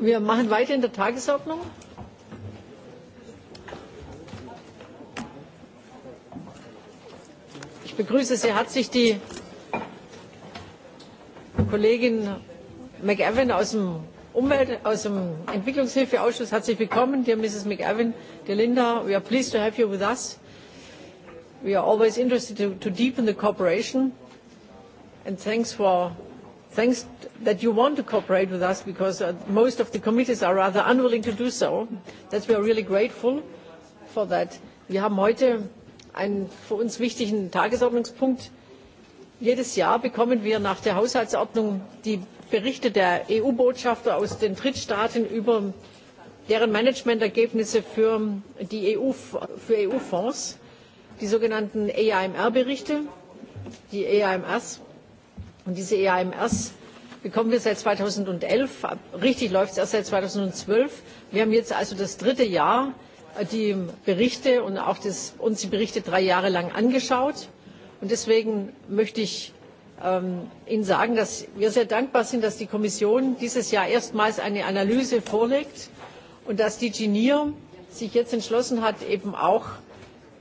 Wir machen weiter in der Tagesordnung. Ich begrüße sehr herzlich die Kollegin McEwen aus dem Umwelt, aus dem Entwicklungshilfeausschuss. Herzlich willkommen, dear Mrs. McEwen, dear Linda. We are pleased to have you with us. We are always interested to, to deepen the cooperation. And thanks for Thanks that you want to cooperate with us because most of the committees are rather unwilling to do so. That we are really grateful for that. Wir haben heute einen für uns wichtigen Tagesordnungspunkt. Jedes Jahr bekommen wir nach der Haushaltsordnung die Berichte der EU-Botschafter aus den Drittstaaten über deren Managementergebnisse für EU-Fonds, die sogenannten EAMR-Berichte, die EAMRs Und diese EAMRs bekommen wir seit 2011. Richtig läuft es erst seit 2012. Wir haben jetzt also das dritte Jahr die Berichte und auch uns die Berichte drei Jahre lang angeschaut. Und deswegen möchte ich Ihnen sagen, dass wir sehr dankbar sind, dass die Kommission dieses Jahr erstmals eine Analyse vorlegt und dass die GNIR sich jetzt entschlossen hat, eben auch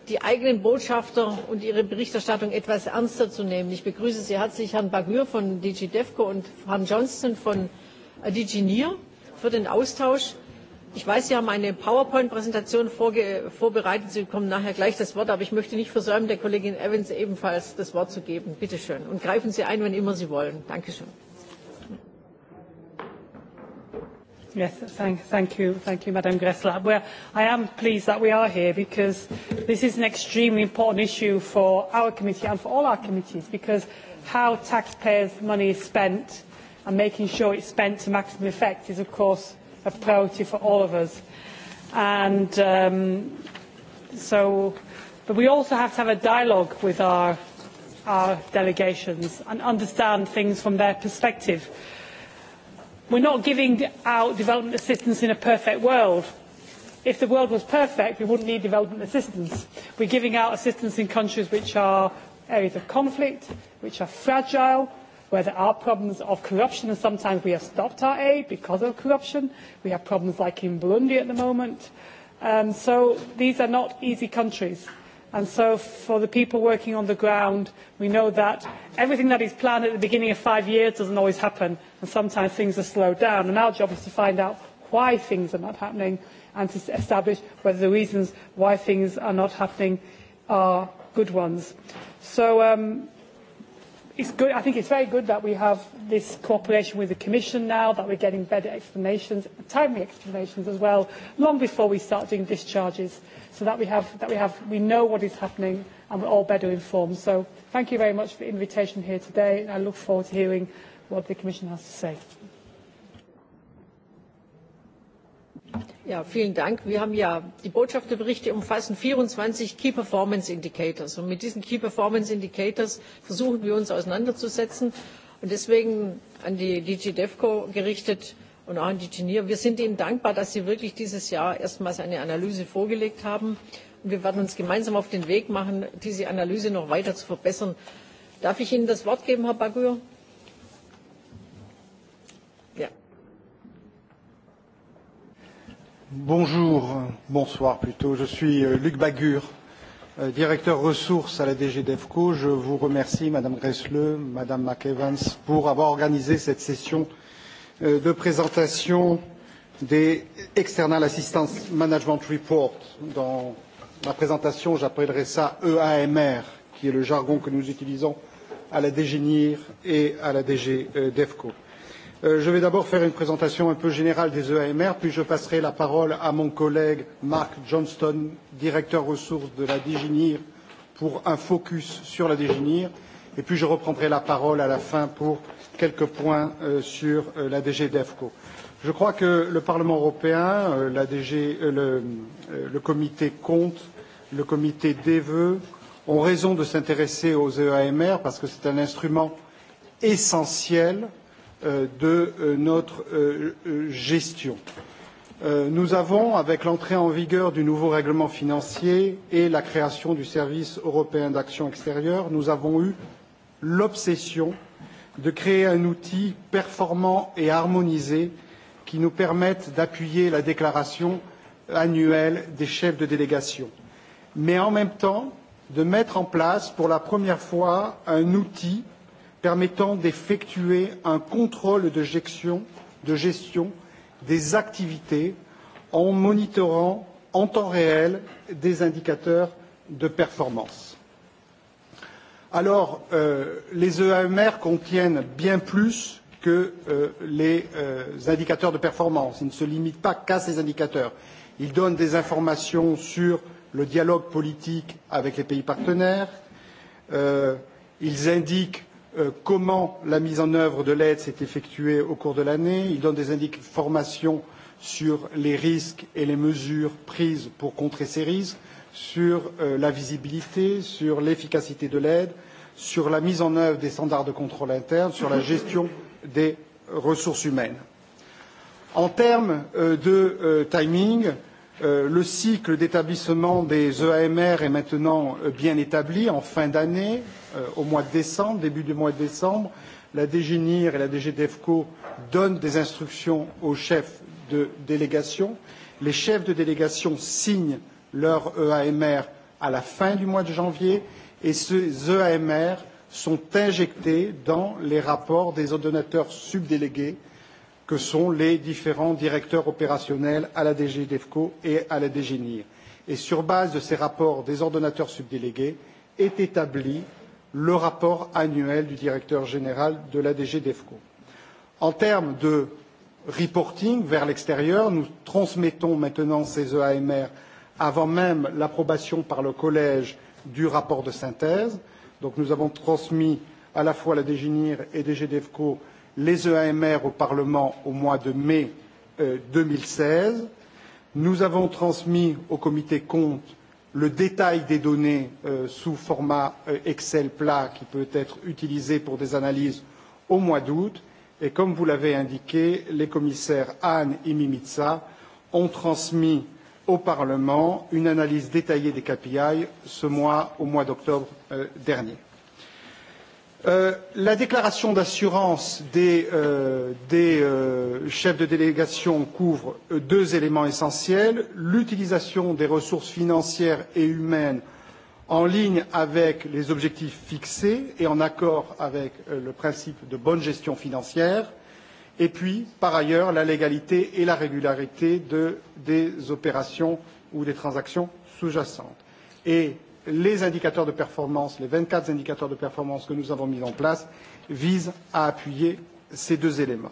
die eigenen Botschafter und ihre Berichterstattung etwas ernster zu nehmen. Ich begrüße sehr herzlich Herrn Bagur von DG DEFCO und Herrn Johnston von DG NIR für den Austausch. Ich weiß, Sie haben eine PowerPoint-Präsentation vorbereitet. Sie bekommen nachher gleich das Wort, aber ich möchte nicht versäumen, der Kollegin Evans ebenfalls das Wort zu geben. Bitte schön. Und greifen Sie ein, wenn immer Sie wollen. Dankeschön. Yes, thank you, thank you, Madam Gressler. I am pleased that we are here because this is an extremely important issue for our committee and for all our committees because how taxpayers' money is spent and making sure it's spent to maximum effect is, of course, a priority for all of us. And so, but we also have to have a dialogue with our our delegations and understand things from their perspective We're not giving out development assistance in a perfect world. If the world was perfect, we wouldn't need development assistance. We're giving out assistance in countries which are areas of conflict, which are fragile, where there are problems of corruption, and sometimes we have stopped our aid because of corruption. We have problems like in Burundi at the moment. So these are not easy countries. And so for the people working on the ground, we know that everything that is planned at the beginning of five years doesn't always happen, and sometimes things are slowed down. And our job is to find out why things are not happening and to establish whether the reasons why things are not happening are good ones. So it's good. I think it's very good that we have this cooperation with the Commission now, that we're getting better explanations, timely explanations as well, long before we start doing discharges, so that we have that we have we know what is happening and we're all better informed. So thank you very much for the invitation here today, and I look forward to hearing what the Commission has to say. Ja, vielen Dank. Wir haben ja, die Botschafterberichte umfassen 24 Key Performance Indicators. Und mit diesen Key Performance Indicators versuchen wir uns auseinanderzusetzen. Und deswegen an die DG DEFCO gerichtet und auch an die GENIR. Wir sind Ihnen dankbar, dass Sie wirklich dieses Jahr erstmals eine Analyse vorgelegt haben. Und wir werden uns gemeinsam auf den Weg machen, diese Analyse noch weiter zu verbessern. Darf ich Ihnen das Wort geben, Herr Bagür? Bonjour, bonsoir plutôt. Je suis Luc Bagur, directeur ressources à la DG DEFCO. Je vous remercie, Madame Gressle, Madame McEvans, pour avoir organisé cette session de présentation des External Assistance Management Report. Dans ma présentation, j'appellerai ça EAMR, qui est le jargon que nous utilisons à la DG NIR et à la DG DEFCO. Je vais d'abord faire une présentation un peu générale des EAMR, puis je passerai la parole à mon collègue Mark Johnston, directeur ressources de la DGNIR, pour un focus sur la DGNIR, et puis je reprendrai la parole à la fin pour quelques points sur la DG DEFCO. Je crois que le Parlement européen, la DG, le comité compte, le comité des vœux, ont raison de s'intéresser aux EAMR parce que c'est un instrument essentiel de notre gestion. Nous avons, avec l'entrée en vigueur du nouveau règlement financier et la création du service européen d'action extérieure, nous avons eu l'obsession de créer un outil performant et harmonisé qui nous permette d'appuyer la déclaration annuelle des chefs de délégation, mais en même temps de mettre en place pour la première fois un outil permettant d'effectuer un contrôle de gestion des activités en monitorant en temps réel des indicateurs de performance. Alors, les EAMR contiennent bien plus que les indicateurs de performance. Ils ne se limitent pas qu'à ces indicateurs. Ils donnent des informations sur le dialogue politique avec les pays partenaires. Ils indiquent comment la mise en œuvre de l'aide s'est effectuée au cours de l'année. Il donne des informations sur les risques et les mesures prises pour contrer ces risques, sur la visibilité, sur l'efficacité de l'aide, sur la mise en œuvre des standards de contrôle interne, sur la gestion des ressources humaines. En termes de timing, Le cycle d'établissement des EAMR est maintenant bien établi. En fin d'année, au mois de décembre, début du mois de décembre, la DGNIR et la DGDEFCO donnent des instructions aux chefs de délégation. Les chefs de délégation signent leur EAMR à la fin du mois de janvier et ces EAMR sont injectés dans les rapports des ordonnateurs subdélégués que sont les différents directeurs opérationnels à la DG DEFCO et à la DGNIR. Et sur base de ces rapports des ordonnateurs subdélégués est établi le rapport annuel du directeur général de la DG DEFCO. En termes de reporting vers l'extérieur, nous transmettons maintenant ces EAMR avant même l'approbation par le collège du rapport de synthèse. Donc nous avons transmis à la fois la DGNIR NIR et DG DEFCO les EAMR au Parlement au mois de mai 2016. Nous avons transmis au comité compte le détail des données sous format Excel plat qui peut être utilisé pour des analyses au mois d'août. Et comme vous l'avez indiqué, les commissaires Hahn et Mimica ont transmis au Parlement une analyse détaillée des KPI ce mois, au mois d'octobre dernier. La déclaration d'assurance des chefs de délégation couvre deux éléments essentiels l'utilisation des ressources financières et humaines en ligne avec les objectifs fixés et en accord avec le principe de bonne gestion financière, et puis, par ailleurs, la légalité et la régularité des opérations ou des transactions sous jacentes les indicateurs de performance, les 24 indicateurs de performance que nous avons mis en place, visent à appuyer ces deux éléments.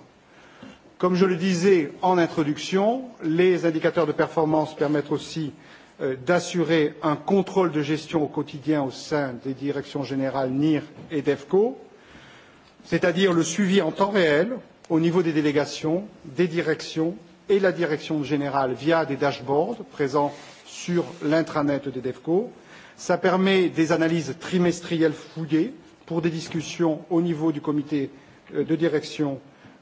Comme je le disais en introduction, les indicateurs de performance permettent aussi d'assurer un contrôle de gestion au quotidien au sein des directions générales NIR et DEFCO, c'est-à-dire le suivi en temps réel au niveau des délégations, des directions et la direction générale via des dashboards présents sur l'intranet des DEFCO, Cela permet des analyses trimestrielles fouillées pour des discussions au niveau du comité de direction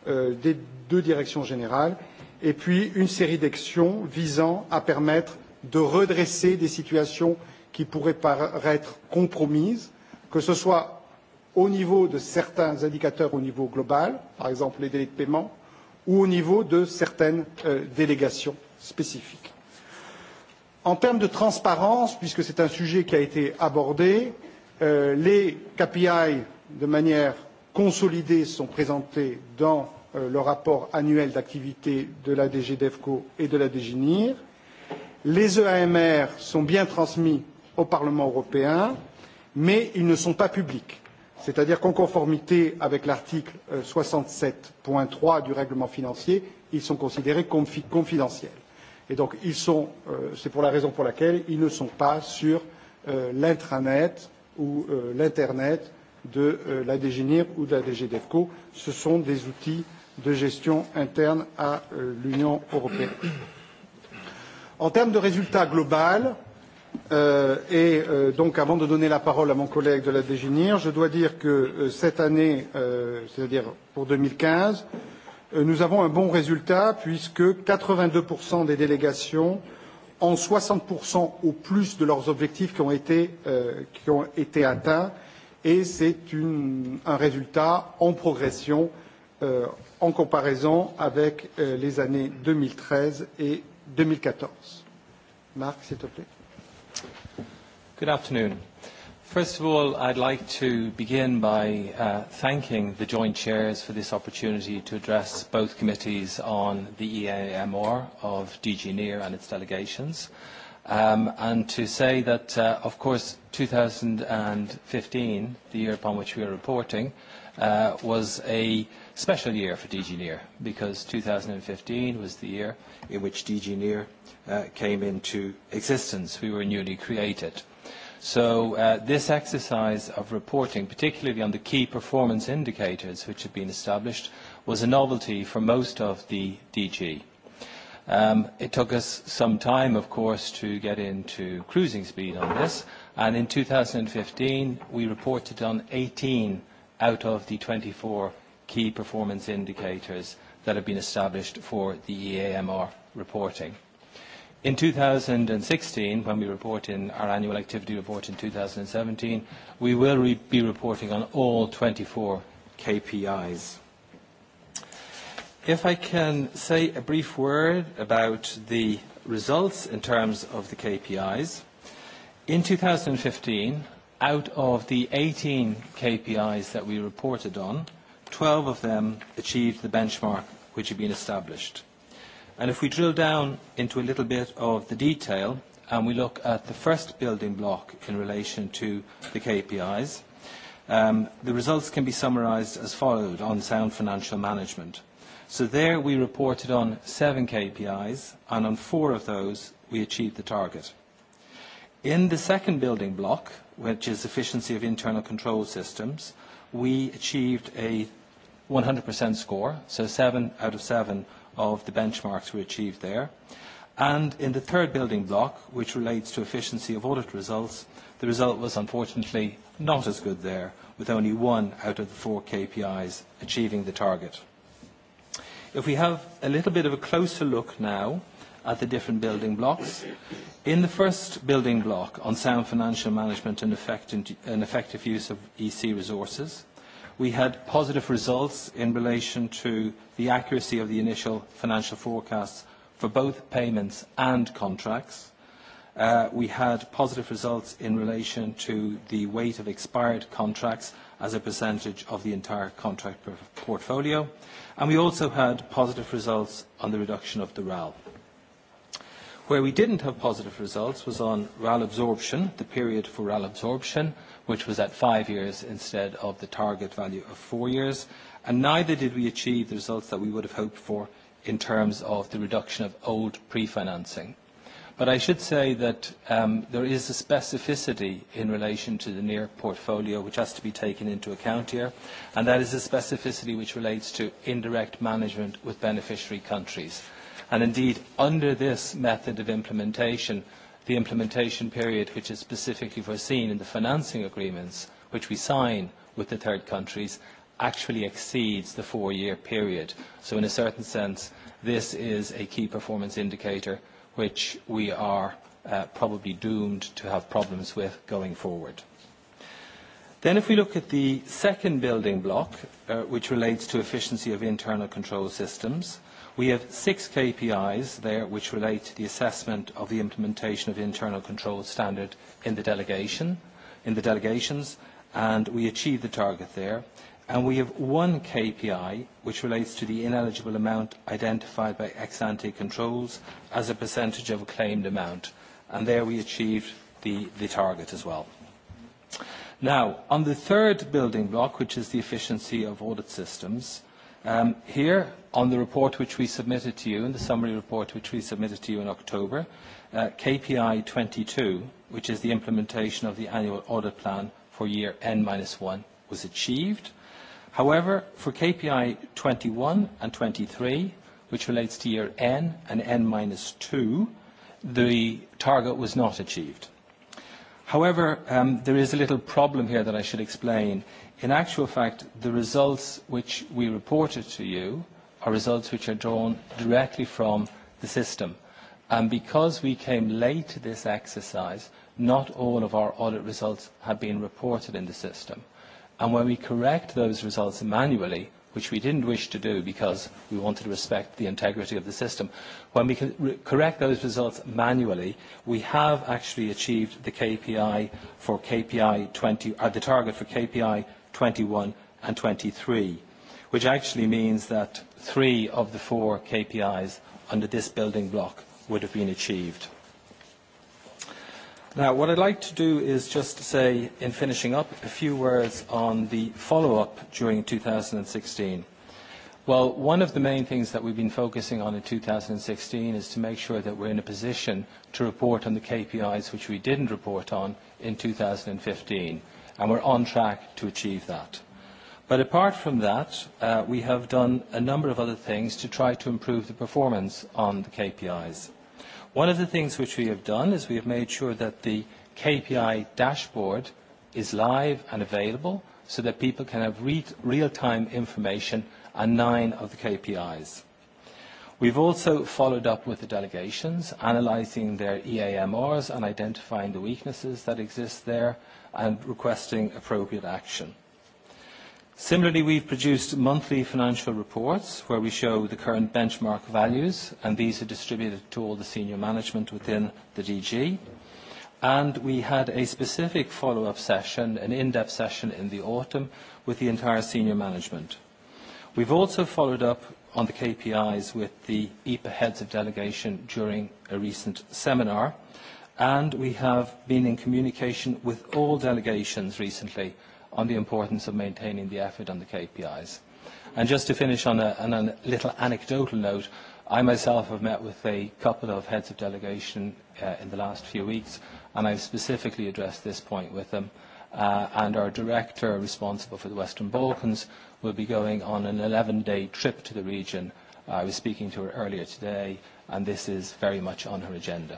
des deux directions générales et puis une série d'actions visant à permettre de redresser des situations qui pourraient paraître compromises, que ce soit au niveau de certains indicateurs au niveau global, par exemple les délais de paiement, ou au niveau de certaines délégations spécifiques. En termes de transparence, puisque c'est un sujet qui a été abordé, les KPI, de manière consolidée, sont présentés dans le rapport annuel d'activité de la DG DEFCO et de la DG Les EAMR sont bien transmis au Parlement européen, mais ils ne sont pas publics. C'est-à-dire qu'en conformité avec l'article 67.3 du règlement financier, ils sont considérés confidentiels. Et donc, ils sont, c'est pour la raison pour laquelle ils ne sont pas sur l'intranet ou l'internet de la DGNIR ou de la DGDEFCO. Ce sont des outils de gestion interne à l'Union européenne. En termes de résultats globaux, et donc avant de donner la parole à mon collègue de la DGNIR, je dois dire que cette année, c'est-à-dire pour 2015, nous avons un bon résultat puisque 82% des délégations ont 60% ou plus de leurs objectifs qui ont été atteints et c'est un résultat en progression en comparaison avec les années 2013 et 2014. Marc, s'il te plaît. Good afternoon. First of all, I'd like to begin by thanking the joint chairs for this opportunity to address both committees on the EAMR of DG NEAR and its delegations, and to say that, of course, 2015, the year upon which we are reporting, was a special year for DG NEAR because 2015 was the year in which DG NEAR came into existence. We were newly created. So this exercise of reporting, particularly on the key performance indicators which have been established, was a novelty for most of the DG. It took us some time, of course, to get into cruising speed on this, and in 2015 we reported on 18 out of the 24 key performance indicators that have been established for the EAMR reporting. In 2016, when we report in our annual activity report in 2017, we will be reporting on all 24 KPIs. If I can say a brief word about the results in terms of the KPIs, in 2015, out of the 18 KPIs that we reported on, 12 of them achieved the benchmark which had been established. And if we drill down into a little bit of the detail and we look at the first building block in relation to the KPIs, the results can be summarised as followed on sound financial management. So there we reported on seven KPIs and on four of those we achieved the target. In the second building block, which is efficiency of internal control systems, we achieved a 100% score, so seven out of seven of the benchmarks we achieved there. And in the third building block, which relates to efficiency of audit results, the result was unfortunately not as good there, with only one out of the four KPIs achieving the target. If we have a little bit of a closer look now at the different building blocks, in the first building block on sound financial management and effective use of EC resources, we had positive results in relation to the accuracy of the initial financial forecasts for both payments and contracts. We had positive results in relation to the weight of expired contracts as a percentage of the entire contract portfolio, and we also had positive results on the reduction of the RAL. Where we didn't have positive results was on RAL absorption, the period for RAL absorption, which was at five years instead of the target value of four years. And neither did we achieve the results that we would have hoped for in terms of the reduction of old pre-financing. But I should say that there is a specificity in relation to the near portfolio which has to be taken into account here, and that is a specificity which relates to indirect management with beneficiary countries. And indeed, under this method of implementation, the implementation period which is specifically foreseen in the financing agreements which we sign with the third countries actually exceeds the four-year period. So in a certain sense, this is a key performance indicator which we are probably doomed to have problems with going forward. Then if we look at the second building block, which relates to efficiency of internal control systems, we have six KPIs there which relate to the assessment of the implementation of internal control standard in the delegation, in the delegations, and we achieved the target there. And we have one KPI which relates to the ineligible amount identified by ex-ante controls as a percentage of a claimed amount. And there we achieved the target as well. Now, on the third building block, which is the efficiency of audit systems, here on the report which we submitted to you, in the summary report which we submitted to you in October, KPI 22, which is the implementation of the annual audit plan for year n minus one, was achieved. However, for KPI 21 and 23, which relates to year N and n minus two, the target was not achieved. However, there is a little problem here that I should explain. In actual fact, the results which we reported to you are results which are drawn directly from the system. And because we came late to this exercise, not all of our audit results have been reported in the system. And when we correct those results manually, which we didn't wish to do because we wanted to respect the integrity of the system. When we can correct those results manually, we have actually achieved the KPI for KPI 20, the target for KPI 21 and 23, which actually means that three of the four KPIs under this building block would have been achieved. Now, what I'd like to do is just to say, in finishing up, a few words on the follow-up during 2016. Well, one of the main things that we've been focusing on in 2016 is to make sure that we're in a position to report on the KPIs which we didn't report on in 2015, and we're on track to achieve that. But apart from that, we have done a number of other things to try to improve the performance on the KPIs. One of the things which we have done is we have made sure that the KPI dashboard is live and available so that people can have real-time information on nine of the KPIs. We've also followed up with the delegations, analysing their EAMRs and identifying the weaknesses that exist there and requesting appropriate action. Similarly, we've produced monthly financial reports where we show the current benchmark values, and these are distributed to all the senior management within the DG. And we had a specific follow-up session, an in-depth session in the autumn with the entire senior management. We've also followed up on the KPIs with the EPA heads of delegation during a recent seminar, and we have been in communication with all delegations recently on the importance of maintaining the effort on the KPIs. And just to finish on a little anecdotal note, I myself have met with a couple of heads of delegation in the last few weeks, and I've specifically addressed this point with them. And our director responsible for the Western Balkans will be going on an 11-day trip to the region. I was speaking to her earlier today, and this is very much on her agenda.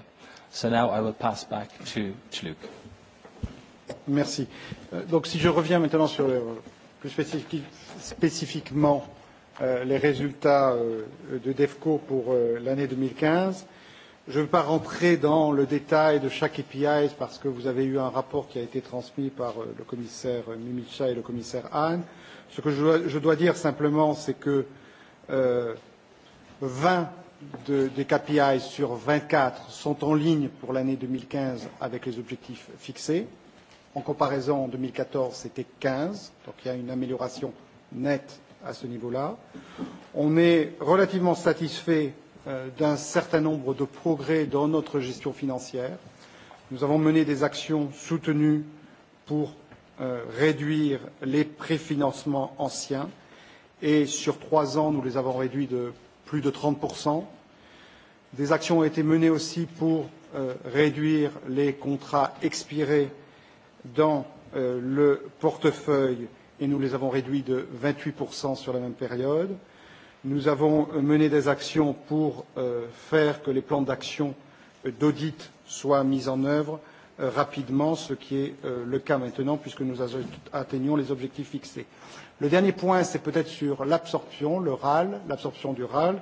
So now I will pass back to Luke. Merci. Donc si je reviens maintenant sur plus spécifiquement les résultats de DEFCO pour l'année 2015, je ne veux pas rentrer dans le détail de chaque API parce que vous avez eu un rapport qui a été transmis par le commissaire Mimica et le commissaire Hahn. Ce que je dois dire simplement, c'est que 20 des KPI sur 24 sont en ligne pour l'année 2015 avec les objectifs fixés. En comparaison, en 2014, c'était 15. Donc il y a une amélioration nette à ce niveau-là. On est relativement satisfait d'un certain nombre de progrès dans notre gestion financière. Nous avons mené des actions soutenues pour réduire les préfinancements anciens et sur trois ans, nous les avons réduits de plus de 30%. Des actions ont été menées aussi pour réduire les contrats expirés dans le portefeuille et nous les avons réduits de 28% sur la même période. Nous avons mené des actions pour faire que les plans d'action d'audit soient mis en œuvre rapidement, ce qui est le cas maintenant puisque nous atteignons les objectifs fixés. Le dernier point, c'est peut-être sur l'absorption, le l'absorption du RAL.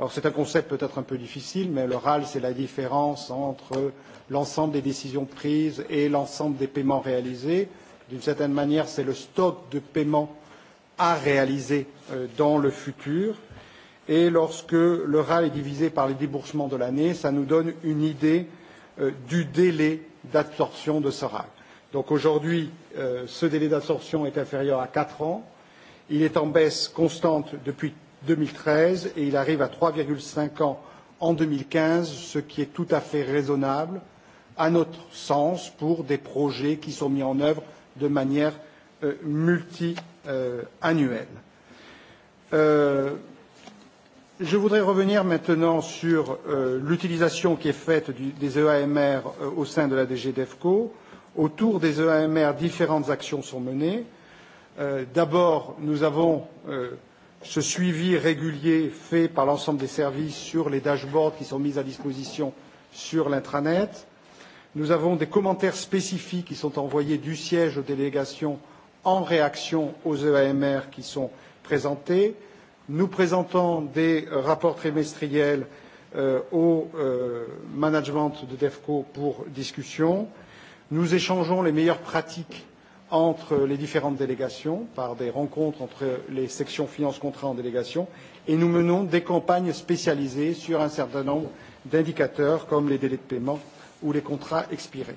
Alors c'est un concept peut-être un peu difficile, mais le RAL, c'est la différence entre l'ensemble des décisions prises et l'ensemble des paiements réalisés. D'une certaine manière, c'est le stock de paiements à réaliser dans le futur. Et lorsque le RAL est divisé par les déboursements de l'année, ça nous donne une idée du délai d'absorption de ce RAL. Donc aujourd'hui, ce délai d'absorption est inférieur à 4 ans. Il est en baisse constante depuis 2013 et il arrive à 3,5 ans en 2015, ce qui est tout à fait raisonnable, à notre sens, pour des projets qui sont mis en œuvre de manière multi-annuelle. Euh, Je voudrais revenir maintenant sur l'utilisation qui est faite des EAMR au sein de la DG DEFCO. Autour des EAMR, différentes actions sont menées. D'abord, nous avons ce suivi régulier fait par l'ensemble des services sur les dashboards qui sont mis à disposition sur l'intranet. Nous avons des commentaires spécifiques qui sont envoyés du siège aux délégations en réaction aux EAMR qui sont présentés. Nous présentons des rapports trimestriels au management de DEFCO pour discussion. Nous échangeons les meilleures pratiques entre les différentes délégations, par des rencontres entre les sections finances contrats en délégation, et nous menons des campagnes spécialisées sur un certain nombre d'indicateurs, comme les délais de paiement ou les contrats expirés.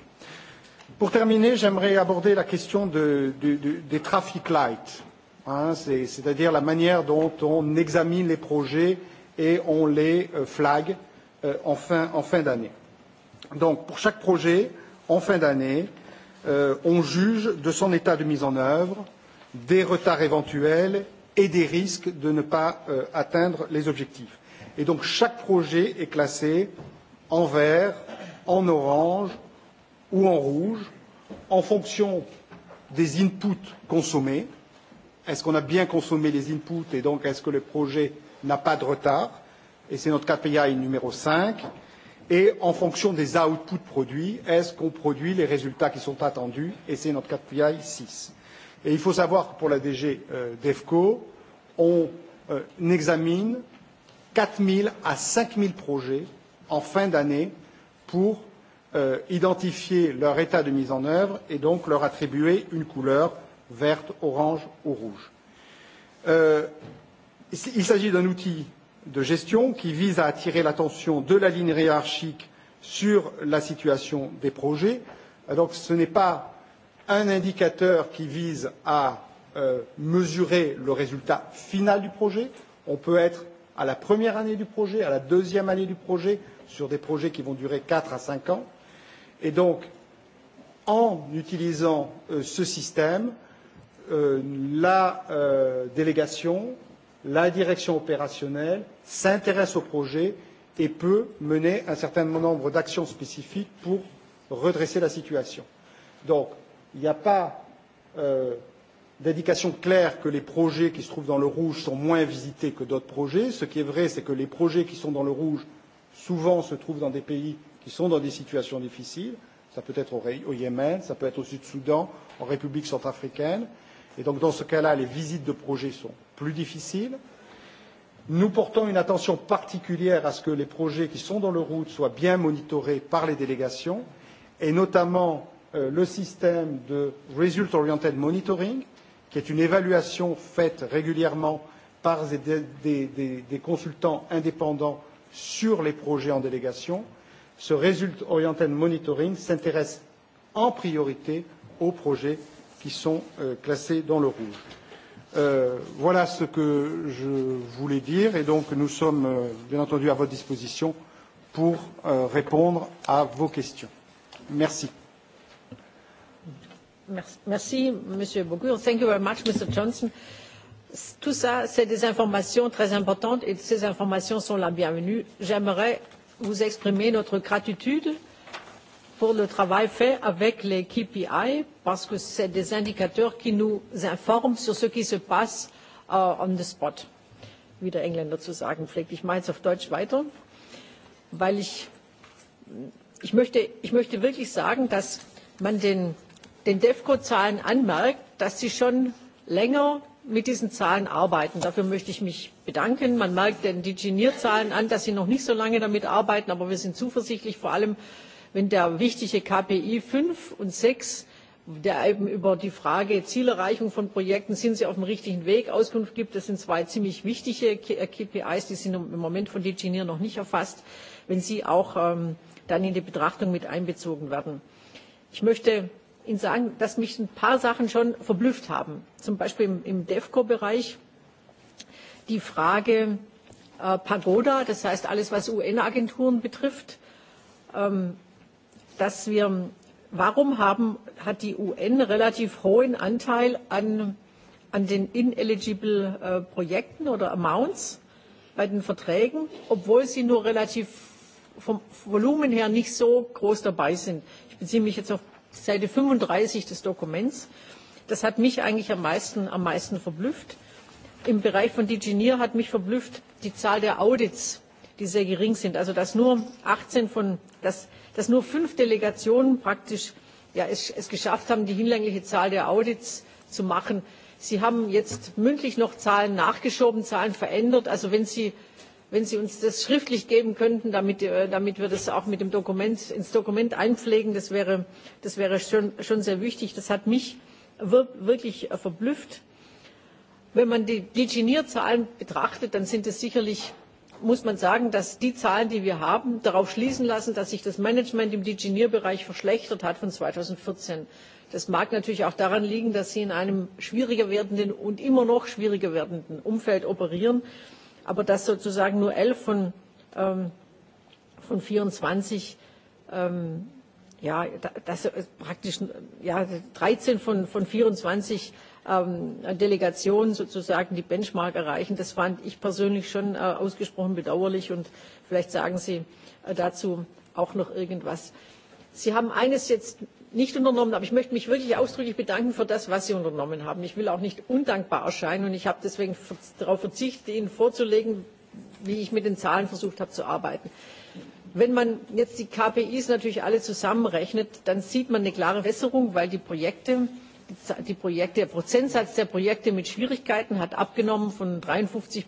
Pour terminer, j'aimerais aborder la question des traffic lights, c'est-à-dire la manière dont on examine les projets et on les flag en fin d'année. Donc, pour chaque projet, en fin d'année, on juge de son état de mise en œuvre, des retards éventuels et des risques de ne pas atteindre les objectifs. Et donc chaque projet est classé en vert, en orange ou en rouge, en fonction des inputs consommés. Est-ce qu'on a bien consommé les inputs et donc est-ce que le projet n'a pas de retard Et c'est notre KPI numéro 5 et en fonction des outputs produits, est-ce qu'on produit les résultats qui sont attendus et c'est notre KPI 6. Et il faut savoir que pour la DG DEFCO, on examine 4 à 5 projets en fin d'année pour identifier leur état de mise en œuvre et donc leur attribuer une couleur verte, orange ou rouge. Il s'agit d'un outil de gestion qui vise à attirer l'attention de la ligne hiérarchique sur la situation des projets. Donc ce n'est pas un indicateur qui vise à mesurer le résultat final du projet. On peut être à la première année du projet, à la deuxième année du projet, sur des projets qui vont durer 4 à 5 ans. Et donc, en utilisant ce système, la délégation la direction opérationnelle s'intéresse au projet et peut mener un certain nombre d'actions spécifiques pour redresser la situation. Donc, il n'y a pas d'indication claire que les projets qui se trouvent dans le rouge sont moins visités que d'autres projets. Ce qui est vrai, c'est que les projets qui sont dans le rouge, souvent, se trouvent dans des pays qui sont dans des situations difficiles. Ça peut être au Yémen, ça peut être au Sud-Soudan, en République centrafricaine. Et donc, dans ce cas-là, les visites de projets sont plus difficile. Nous portons une attention particulière à ce que les projets qui sont dans le route soient bien monitorés par les délégations, et notamment le système de Result Oriented Monitoring, qui est une évaluation faite régulièrement par des consultants indépendants sur les projets en délégation. Ce Result Oriented Monitoring s'intéresse en priorité aux projets qui sont classés dans le rouge. Voilà ce que je voulais dire et donc nous sommes bien entendu à votre disposition pour répondre à vos questions. Merci. Merci, Monsieur Bogur. Thank you very much, Mr. Johnson. Tout ça, c'est des informations très importantes et ces informations sont la bienvenue. J'aimerais vous exprimer notre gratitude pour le travail fait avec les KPI, parce que c'est des indicateurs qui nous informent sur ce qui se passe on the spot. Wie der Engländer zu sagen pflegt. Ich mache jetzt auf Deutsch weiter, weil ich, ich, möchte, ich möchte wirklich sagen, dass man den, den DEFCO-Zahlen anmerkt, dass sie schon länger mit diesen Zahlen arbeiten. Dafür möchte ich mich bedanken. Man merkt den Diginier zahlen an, dass sie noch nicht so lange damit arbeiten, aber wir sind zuversichtlich, vor allem wenn der wichtige KPI 5 und 6 der eben über die Frage Zielerreichung von Projekten, sind sie auf dem richtigen Weg, Auskunft gibt. Das sind zwei ziemlich wichtige KPIs, die sind im Moment von DGNIR noch nicht erfasst, wenn sie auch dann in die Betrachtung mit einbezogen werden. Ich möchte Ihnen sagen, dass mich ein paar Sachen schon verblüfft haben. Zum Beispiel im DEFCO-Bereich die Frage Pagoda, das heißt alles, was UN-Agenturen betrifft dass wir warum haben hat die UN relativ hohen Anteil an an den ineligible Projekten oder Amounts bei den Verträgen, obwohl sie nur relativ vom Volumen her nicht so groß dabei sind. Ich beziehe mich jetzt auf Seite 35 des Dokuments. Das hat mich eigentlich am meisten, am meisten verblüfft. Im Bereich von Digineer hat mich verblüfft die Zahl der Audits, die sehr gering sind. Also dass nur 18 von, dass dass nur fünf Delegationen praktisch es geschafft haben, die hinlängliche Zahl der Audits zu machen. Sie haben jetzt mündlich noch Zahlen nachgeschoben, Zahlen verändert. Also wenn Sie uns das schriftlich geben könnten, damit wir das auch mit dem Dokument ins Dokument einpflegen, das wäre schon sehr wichtig. Das hat mich wirklich verblüfft. Wenn man die DG Zahlen betrachtet, dann sind es sicherlich muss man sagen, dass die Zahlen, die wir haben, darauf schließen lassen, dass sich das Management im Digineer-Bereich verschlechtert hat von 2014. Das mag natürlich auch daran liegen, dass sie in einem schwieriger werdenden und immer noch schwieriger werdenden Umfeld operieren, aber dass sozusagen nur elf von 24 ja, dass praktisch, ja, 13 von 24 delegation sozusagen die Benchmark erreichen. Das fand ich persönlich schon ausgesprochen bedauerlich und vielleicht sagen Sie dazu auch noch irgendwas. Sie haben eines jetzt nicht unternommen, aber ich möchte mich wirklich ausdrücklich bedanken für das, was Sie unternommen haben. Ich will auch nicht undankbar erscheinen und ich habe deswegen darauf verzichtet, Ihnen vorzulegen, wie ich mit den Zahlen versucht habe zu arbeiten. Wenn man jetzt die KPIs natürlich alle zusammenrechnet, dann sieht man eine klare Besserung, weil die Projekte der prozentsatz der projekte mit schwierigkeiten hat abgenommen von 53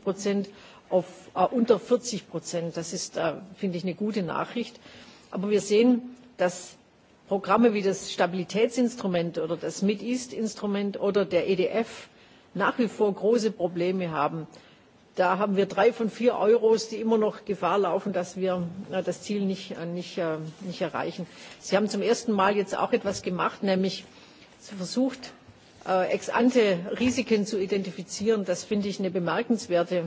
auf unter 40 das ist finde ich eine gute nachricht aber wir sehen dass programme wie das stabilitätsinstrument oder das mid East instrument oder der edf nach wie vor große probleme haben da haben wir drei von vier euros die immer noch gefahr laufen dass wir das ziel nicht erreichen. sie haben zum ersten mal jetzt auch etwas gemacht nämlich versucht, ex ante Risiken zu identifizieren, das finde ich eine bemerkenswerte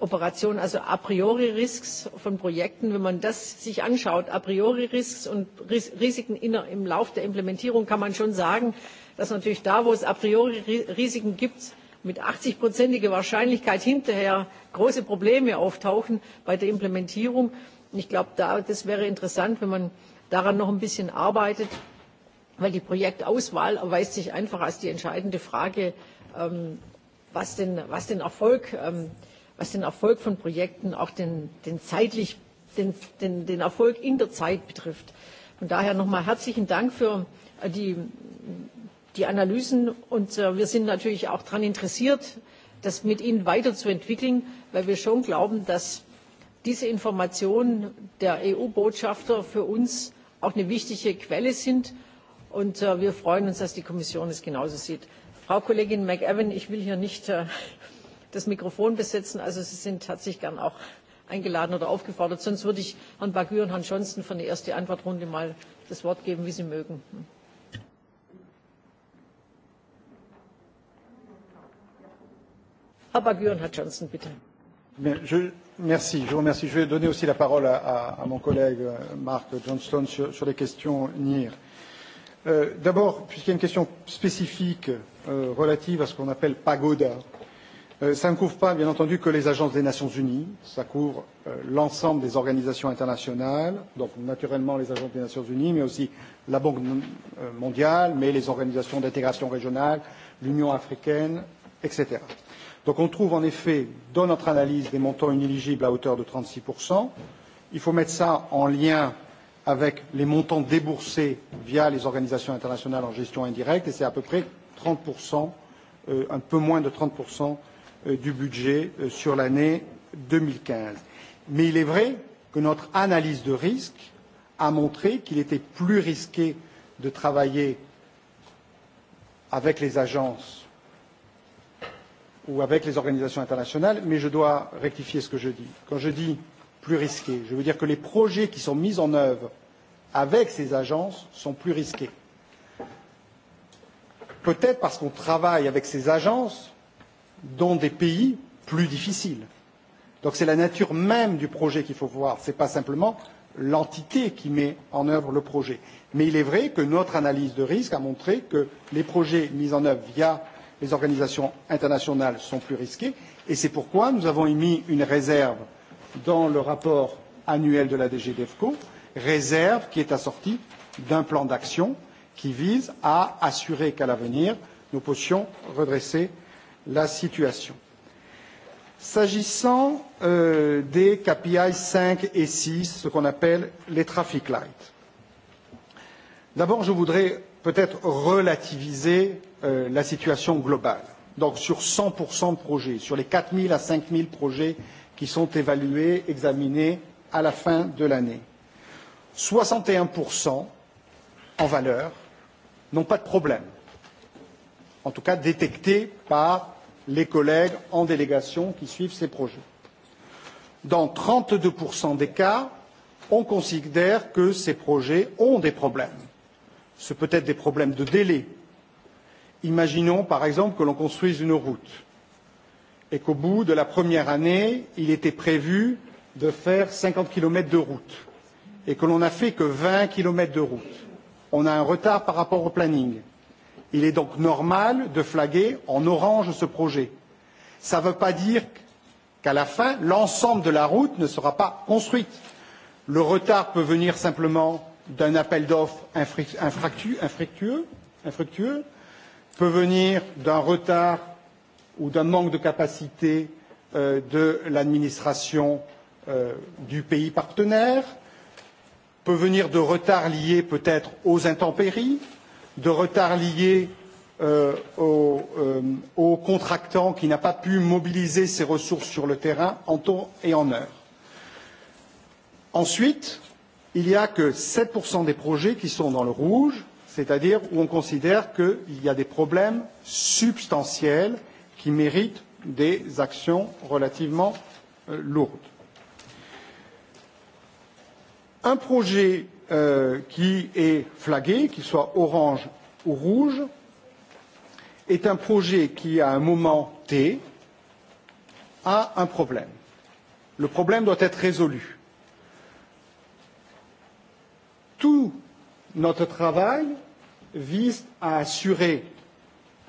Operation, also a priori Risks von Projekten. Wenn man das sich anschaut, a priori Risks und Risiken im Lauf der Implementierung, kann man schon sagen, dass natürlich da, wo es a priori Risiken gibt, mit 80-prozentiger Wahrscheinlichkeit hinterher große Probleme auftauchen bei der Implementierung. Ich glaube, das wäre interessant, wenn man daran noch ein bisschen arbeitet weil die Projektauswahl erweist sich einfach als die entscheidende Frage, was den, Erfolg, von Projekten, auch den, Erfolg in der Zeit betrifft. Von daher nochmal herzlichen Dank für die, die Analysen und wir sind natürlich auch daran interessiert, das mit Ihnen weiterzuentwickeln, weil wir schon glauben, dass diese Informationen der EU-Botschafter für uns auch eine wichtige Quelle sind Und wir freuen uns, dass die Kommission es genauso sieht. Frau Kollegin McEwan, ich will hier nicht das Mikrofon besetzen. Also Sie sind herzlich gern auch eingeladen oder aufgefordert. Sonst würde ich Herrn Bagu und Herrn Johnson von der erste Antwortrunde mal das Wort geben, wie Sie mögen. Herr Bagu und Herr Johnson, bitte. Merci, je vous remercie. Je vais donner aussi la parole à mon collègue Mark Johnston sur les questions NIR. D'abord, puisqu'il y a une question spécifique relative à ce qu'on appelle pagoda, ça ne couvre pas, bien entendu, que les agences des Nations Unies, ça couvre l'ensemble des organisations internationales, donc naturellement les agences des Nations Unies, mais aussi la Banque mondiale, mais les organisations d'intégration régionale, l'Union africaine, etc. Donc on trouve en effet, dans notre analyse, des montants inéligibles à hauteur de 36%. Il faut mettre ça en lien avec les montants déboursés via les organisations internationales en gestion indirecte, et c'est à peu près 30%, un peu moins de 30% du budget sur l'année 2015. Mais il est vrai que notre analyse de risque a montré qu'il était plus risqué de travailler avec les agences ou avec les organisations internationales, mais je dois rectifier ce que je dis. Quand je dis plus risqué. Je veux dire que les projets qui sont mis en œuvre avec ces agences sont plus risqués. Peut-être parce qu'on travaille avec ces agences dans des pays plus difficiles. Donc c'est la nature même du projet qu'il faut voir. Ce n'est pas simplement l'entité qui met en œuvre le projet. Mais il est vrai que notre analyse de risque a montré que les projets mis en œuvre via les organisations internationales sont plus risqués. Et c'est pourquoi nous avons émis une réserve dans le rapport annuel de la DG DEFCO, réserve qui est assortie d'un plan d'action qui vise à assurer qu'à l'avenir, nous puissions redresser la situation. S'agissant des KPI 5 et 6, ce qu'on appelle les traffic lights, d'abord je voudrais peut-être relativiser la situation globale. Donc sur 100% de projets, sur les 4 000 à 5 000 projets qui sont évalués, examinés à la fin de l'année. 61% en valeur n'ont pas de problème, en tout cas détectés par les collègues en délégation qui suivent ces projets. Dans 32% des cas, on considère que ces projets ont des problèmes. Ce peut être des problèmes de délai. Imaginons par exemple que l'on construise une route et qu'au bout de la première année, il était prévu de faire 50 km de route et que l'on n'a fait que 20 km de route. On a un retard par rapport au planning. Il est donc normal de flaguer en orange ce projet. Ça ne veut pas dire qu'à la fin, l'ensemble de la route ne sera pas construite. Le retard peut venir simplement d'un appel d'offres infructueux, peut venir d'un retard ou d'un manque de capacité de l'administration du pays partenaire, peut venir de retards liés peut être aux intempéries, de retards liés au contractant qui n'a pas pu mobiliser ses ressources sur le terrain en temps et en heure. Ensuite, il n'y a que 7% des projets qui sont dans le rouge, c'est-à-dire où on considère qu'il y a des problèmes substantiels qui méritent des actions relativement lourdes. Un projet qui est flagué, qu'il soit orange ou rouge, est un projet qui, à un moment T, a un problème. Le problème doit être résolu. Tout notre travail vise à assurer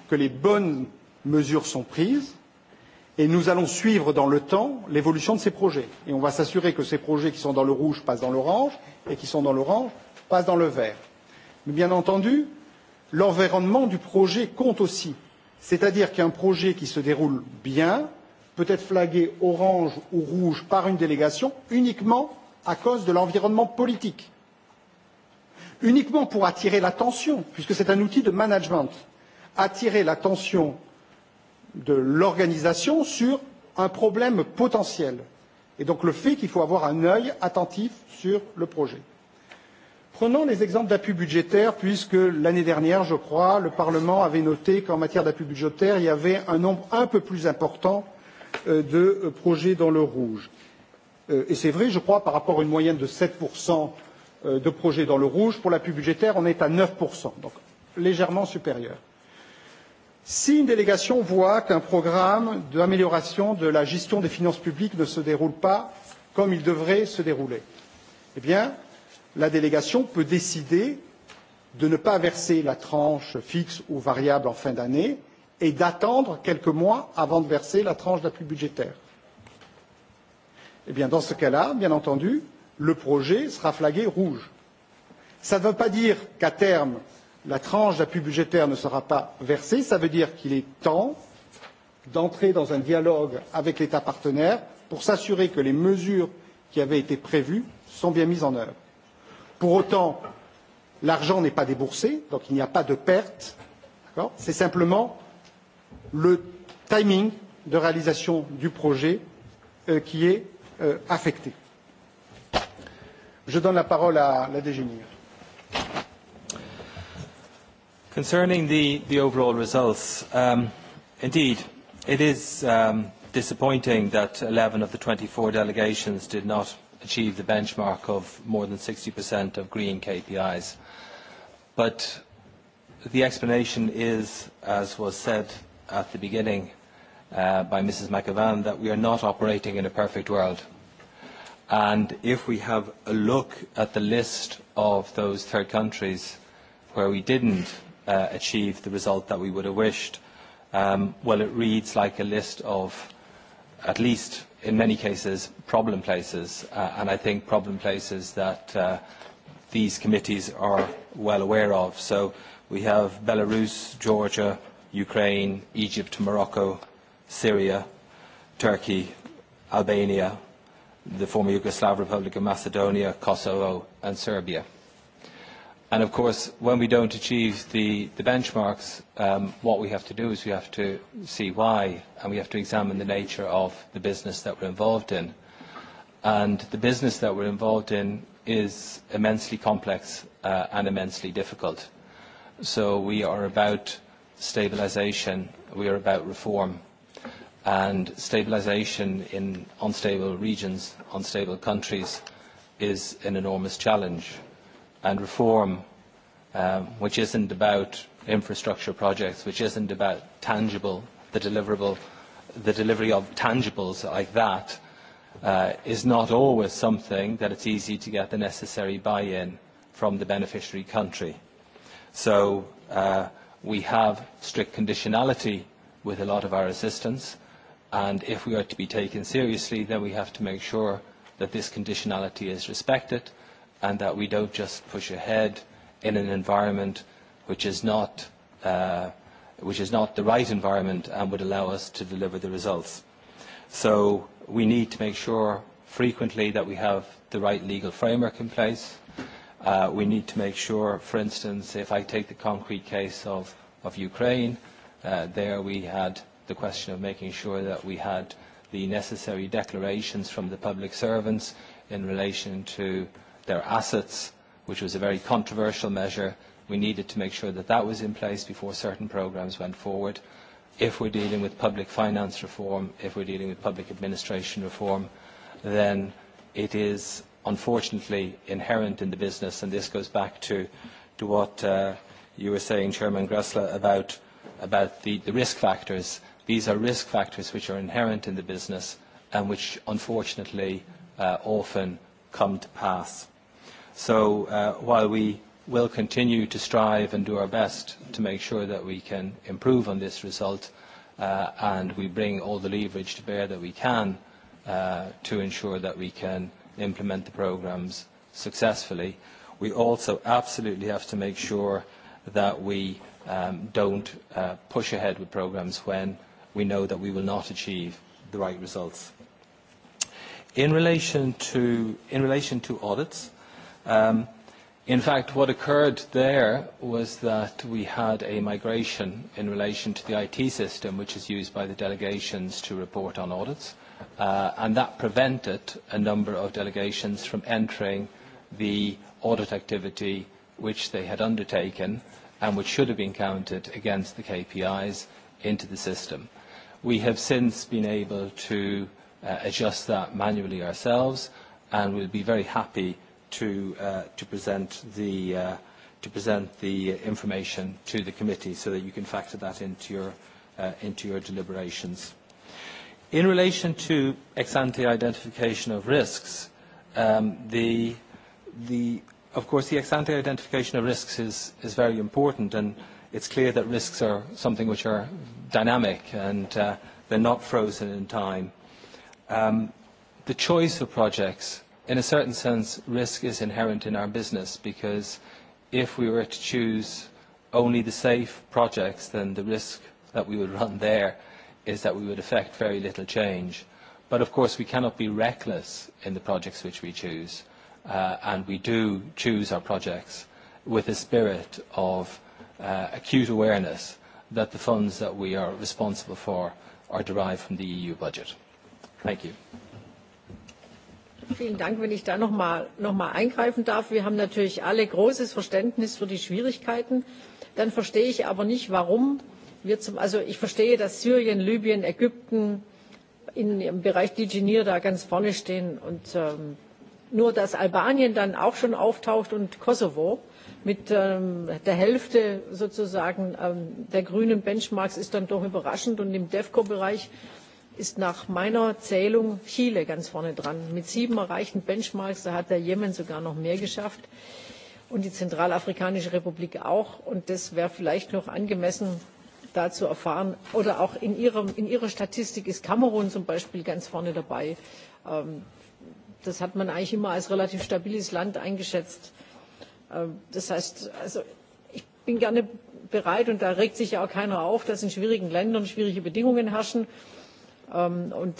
que les bonnes mesures sont prises et nous allons suivre dans le temps l'évolution de ces projets. Et on va s'assurer que ces projets qui sont dans le rouge passent dans l'orange et qui sont dans l'orange passent dans le vert. Mais bien entendu, l'environnement du projet compte aussi. C'est-à-dire qu'un projet qui se déroule bien peut être flagué orange ou rouge par une délégation uniquement à cause de l'environnement politique. Uniquement pour attirer l'attention, puisque c'est un outil de management. Attirer l'attention de l'organisation sur un problème potentiel et donc le fait qu'il faut avoir un œil attentif sur le projet. Prenons les exemples d'appui budgétaire, puisque l'année dernière, je crois, le Parlement avait noté qu'en matière d'appui budgétaire, il y avait un nombre un peu plus important de projets dans le rouge. Et c'est vrai, je crois, par rapport à une moyenne de 7% de projets dans le rouge, pour l'appui budgétaire, on est à 9%, donc légèrement supérieur. Si une délégation voit qu'un programme d'amélioration de la gestion des finances publiques ne se déroule pas comme il devrait se dérouler, eh bien, la délégation peut décider de ne pas verser la tranche fixe ou variable en fin d'année et d'attendre quelques mois avant de verser la tranche d'appui budgétaire. dans ce cas-là, bien entendu, le projet sera flagué rouge. Ça ne veut pas dire qu'à terme, la tranche d'appui budgétaire ne sera pas versée, ça veut dire qu'il est temps d'entrer dans un dialogue avec l'État partenaire pour s'assurer que les mesures qui avaient été prévues sont bien mises en œuvre. Pour autant, l'argent n'est pas déboursé, donc il n'y a pas de perte. C'est simplement le timing de réalisation du projet qui est affecté. Je donne la parole à la déjeuner. Concerning the, overall results, indeed, it is disappointing that 11 of the 24 delegations did not achieve the benchmark of more than 60% of green KPIs. But the explanation is, as was said at the beginning by Mrs. McAvan, that we are not operating in a perfect world. And if we have a look at the list of those third countries where we didn't achieve the result that we would have wished. Well, it reads like a list of, at least in many cases, problem places, and I think problem places that these committees are well aware of. So we have Belarus, Georgia, Ukraine, Egypt, Morocco, Syria, Turkey, Albania, the former Yugoslav Republic of Macedonia, Kosovo, and Serbia. And of course, when we don't achieve the benchmarks, what we have to do is we have to see why, and we have to examine the nature of the business that we're involved in. And the business that we're involved in is immensely complex and immensely difficult. So we are about stabilisation, we are about reform. And stabilisation in unstable regions, unstable countries, is an enormous challenge and reform which isn't about infrastructure projects, which isn't about tangible, the deliverable, the delivery of tangibles like that, is not always something that it's easy to get the necessary buy-in from the beneficiary country. So we have strict conditionality with a lot of our assistance, and if we are to be taken seriously, then we have to make sure that this conditionality is respected and that we don't just push ahead in an environment which is not which is not the right environment and would allow us to deliver the results. So we need to make sure frequently that we have the right legal framework in place. We need to make sure, for instance, if I take the concrete case of Ukraine, there we had the question of making sure that we had the necessary declarations from the public servants in relation to their assets, which was a very controversial measure. We needed to make sure that that was in place before certain programs went forward. If we're dealing with public finance reform, if we're dealing with public administration reform, then it is unfortunately inherent in the business, and this goes back to what you were saying, Chairman Gressler, about the risk factors. These are risk factors which are inherent in the business and which unfortunately often come to pass. So while we will continue to strive and do our best to make sure that we can improve on this result and we bring all the leverage to bear that we can to ensure that we can implement the programmes successfully, we also absolutely have to make sure that we don't push ahead with programmes when we know that we will not achieve the right results. In relation to audits, In fact, what occurred there was that we had a migration in relation to the IT system, which is used by the delegations to report on audits, and that prevented a number of delegations from entering the audit activity which they had undertaken and which should have been counted against the KPIs into the system. We have since been able to adjust that manually ourselves, and we'll be very happy to present the information to the committee so that you can factor that into your into your deliberations. In relation to ex ante identification of risks, of course the ex ante identification of risks is is very important and it's clear that risks are something which are dynamic and they're not frozen in time. The choice of projects in a certain sense, risk is inherent in our business because if we were to choose only the safe projects, then the risk that we would run there is that we would affect very little change. But of course, we cannot be reckless in the projects which we choose, and we do choose our projects with a spirit of acute awareness that the funds that we are responsible for are derived from the EU budget. Thank you. Vielen Dank, wenn ich da noch mal, noch mal eingreifen darf. Wir haben natürlich alle großes Verständnis für die Schwierigkeiten. Dann verstehe ich aber nicht, warum wir zum, also ich verstehe, dass Syrien, Libyen, Ägypten in, im Bereich Digenir da ganz vorne stehen und nur, dass Albanien dann auch schon auftaucht und Kosovo mit der Hälfte sozusagen der grünen Benchmarks ist dann doch überraschend und im DEFCO-Bereich ist nach meiner Zählung Chile ganz vorne dran. Mit sieben erreichten Benchmarks, da hat der Jemen sogar noch mehr geschafft und die Zentralafrikanische Republik auch. Und das wäre vielleicht noch angemessen, da zu erfahren. Oder auch in Ihrer Statistik ist Kamerun zum Beispiel ganz vorne dabei. Das hat man eigentlich immer als relativ stabiles Land eingeschätzt. Das heißt, also ich bin gerne bereit, und da regt sich ja auch keiner auf, dass in schwierigen Ländern schwierige Bedingungen herrschen Und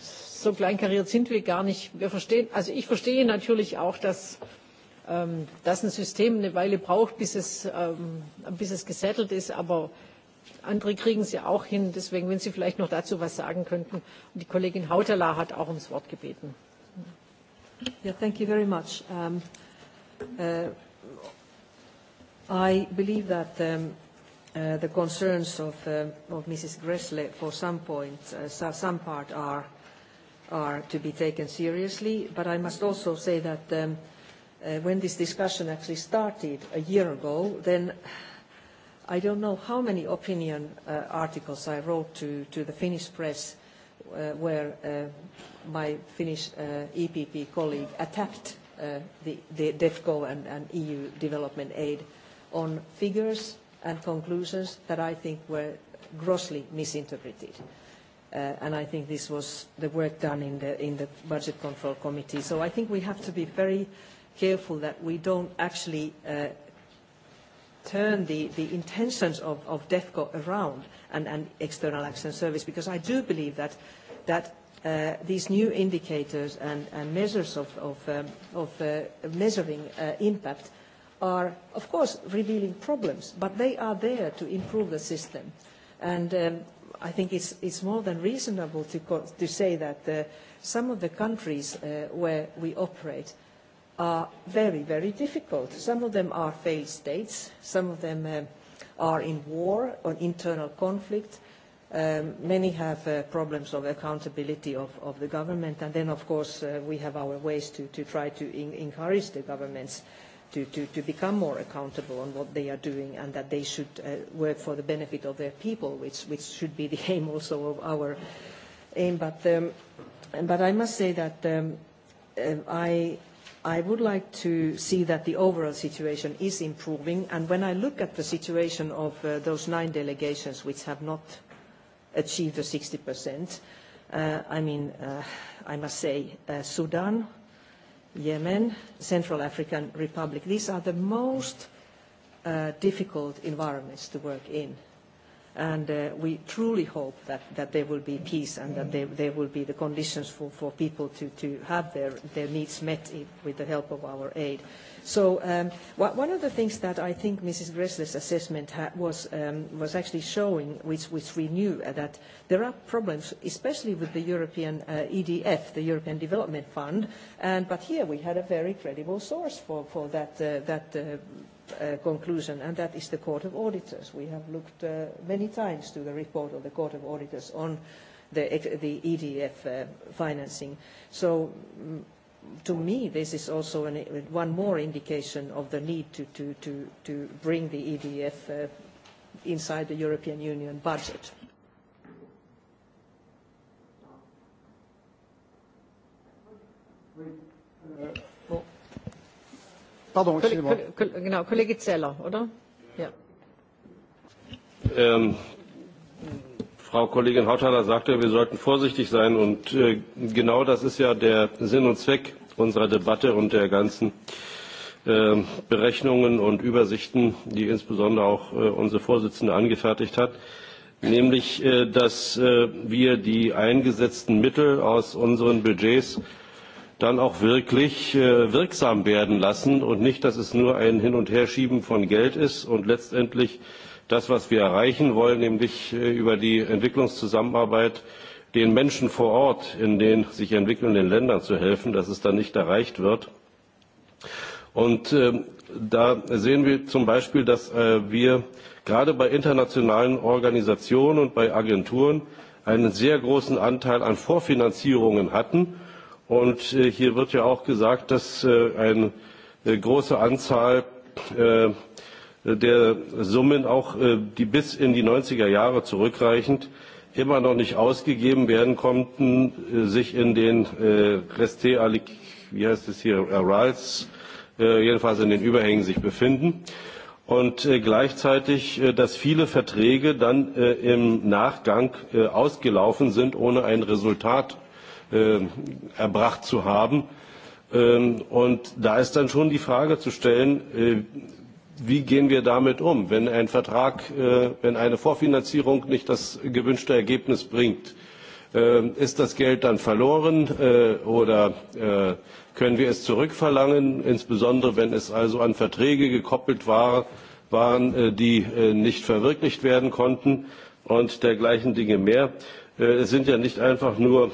so kleinkariert sind wir gar nicht. Wir verstehen, also ich verstehe natürlich auch, dass dass ein System eine Weile braucht, bis es, bis es gesettelt ist, aber andere kriegen es ja auch hin. Deswegen, wenn Sie vielleicht noch dazu was sagen könnten. Und die Kollegin Hautala hat auch ums Wort gebeten. Yeah, thank you very much. Um, uh, I believe that um, the concerns of Mrs. Gressle for some point, some part are are to be taken seriously. But I must also say that when this discussion actually started a year ago, then I don't know how many opinion articles I wrote to to the Finnish press where my Finnish EPP colleague attacked the DEFCO and EU development aid on figures and conclusions that I think were grossly misinterpreted. And I think this was the work done in the in the Budget Control Committee. So I think we have to be very careful that we don't actually turn the the intentions of of DEFCO around and and External Action Service, because I do believe that that these new indicators and measures of of measuring impact are, of course, revealing problems, but they are there to improve the system. And I think it's it's more than reasonable to say that some of the countries where we operate are very, very difficult. Some of them are failed states. Some of them are in war or internal conflict. Many have problems of accountability of the government. And then, of course, we have our ways to try to encourage the governments to become more accountable on what they are doing and that they should work for the benefit of their people, which should be the aim also of our aim. But I must say that I I would like to see that the overall situation is improving. And when I look at the situation of those nine delegations which have not achieved the 60%, I mean, I must say Sudan Yemen, Central African Republic. These are the most difficult environments to work in and we truly hope that there will be peace and that there will be the conditions for people to have their needs met with the help of our aid. So one of the things that I think Mrs. Gressler's assessment was actually showing, which we knew, that there are problems, especially with the European EDF, the European Development Fund, but here we had a very credible source for that conclusion, and that is the Court of Auditors. We have looked many times to the report of the Court of Auditors on the EDF financing. So to me, this is also one more indication of the need to bring the EDF inside the European Union budget. Kollege Zeller, oder? Frau Kollegin Hautala sagte, wir sollten vorsichtig sein. Und genau das ist ja der Sinn und Zweck unserer Debatte und der ganzen Berechnungen und Übersichten, die insbesondere auch unsere Vorsitzende angefertigt hat, nämlich, dass wir die eingesetzten Mittel aus unseren Budgets dann auch wirklich wirksam werden lassen und nicht, dass es nur ein Hin- und Herschieben von Geld ist und letztendlich das, was wir erreichen wollen, nämlich über die Entwicklungszusammenarbeit den Menschen vor Ort in den sich entwickelnden Ländern zu helfen, dass es dann nicht erreicht wird. da sehen wir zum Beispiel, dass wir gerade bei internationalen Organisationen und bei Agenturen einen sehr großen Anteil an Vorfinanzierungen hatten Und hier wird ja auch gesagt, dass eine große Anzahl der Summen, auch die bis in die 90er Jahre zurückreichend, immer noch nicht ausgegeben werden konnten, sich in den Reste, wie heißt es hier, jedenfalls in den Überhängen sich befinden. Und gleichzeitig, dass viele Verträge dann im Nachgang ausgelaufen sind, ohne ein Resultat erbracht zu haben. Und da ist dann schon die Frage zu stellen, wie gehen wir damit um, wenn ein Vertrag, wenn eine Vorfinanzierung nicht das gewünschte Ergebnis bringt? Ist das Geld dann verloren oder können wir es zurückverlangen, insbesondere wenn es also an Verträge gekoppelt war, waren, die nicht verwirklicht werden konnten und dergleichen Dinge mehr. Es sind ja nicht einfach nur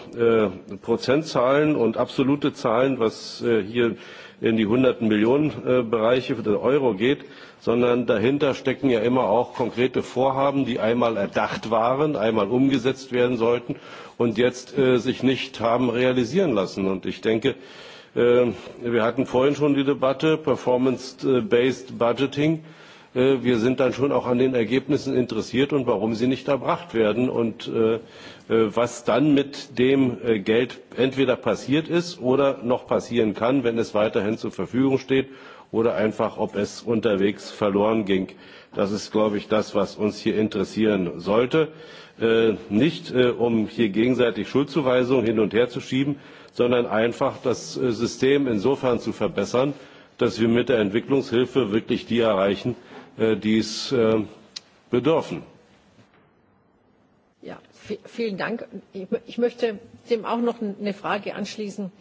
Prozentzahlen und absolute Zahlen, was hier in die hunderten Millionen Bereiche für den Euro geht, sondern dahinter stecken ja immer auch konkrete Vorhaben, die einmal erdacht waren, einmal umgesetzt werden sollten und jetzt sich nicht haben realisieren lassen. Und ich denke, wir hatten vorhin schon die Debatte Performance-Based Budgeting wir sind dann schon auch an den Ergebnissen interessiert und warum sie nicht erbracht werden und was dann mit dem Geld entweder passiert ist oder noch passieren kann, wenn es weiterhin zur Verfügung steht oder einfach, ob es unterwegs verloren ging. Das ist, glaube ich, das, was uns hier interessieren sollte. Nicht, um hier gegenseitig Schuldzuweisungen hin und her zu schieben, sondern einfach das System insofern zu verbessern, dass wir mit der Entwicklungshilfe wirklich die erreichen, dies bedürfen. vielen Dank. Ich möchte dem auch noch eine Frage anschließen.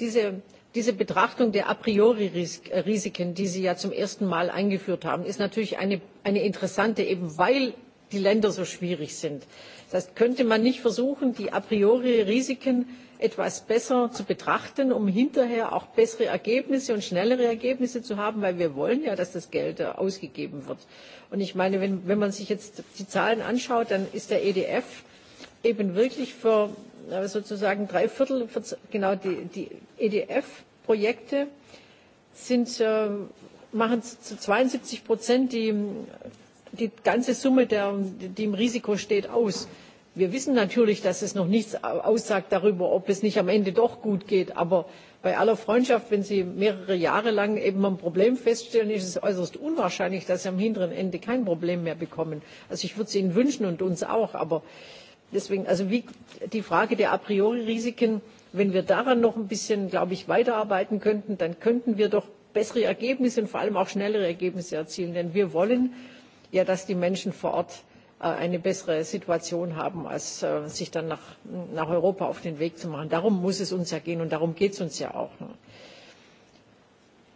Diese Diese Betrachtung der a priori Risiken, die Sie ja zum ersten Mal eingeführt haben, ist natürlich eine interessante, eben weil die Länder so schwierig sind. Das heißt, könnte man nicht versuchen, die a priori Risiken etwas besser zu betrachten, um hinterher auch bessere Ergebnisse und schnellere Ergebnisse zu haben, weil wir wollen ja, dass das Geld ausgegeben wird. Und ich meine, wenn, man sich jetzt die Zahlen anschaut, dann ist der EDF eben wirklich für sozusagen drei Viertel, genau die, EDF-Projekte machen zu 72 Prozent die die ganze Summe, die im Risiko steht, aus. Wir wissen natürlich, dass es noch nichts aussagt darüber, ob es nicht am Ende doch gut geht. Aber bei aller Freundschaft, wenn Sie mehrere Jahre lang eben ein Problem feststellen, ist es äußerst unwahrscheinlich, dass Sie am hinteren Ende kein Problem mehr bekommen. Also ich würde es Ihnen wünschen und uns auch. Aber deswegen, also wie die Frage der a priori Risiken, wenn wir daran noch ein bisschen, glaube ich, weiterarbeiten könnten, dann könnten wir doch bessere Ergebnisse und vor allem auch schnellere Ergebnisse erzielen. Denn wir wollen ja, dass die Menschen vor Ort eine bessere Situation haben, als sich dann nach Europa auf den Weg zu machen. Darum muss es uns ja gehen und darum geht es uns ja auch.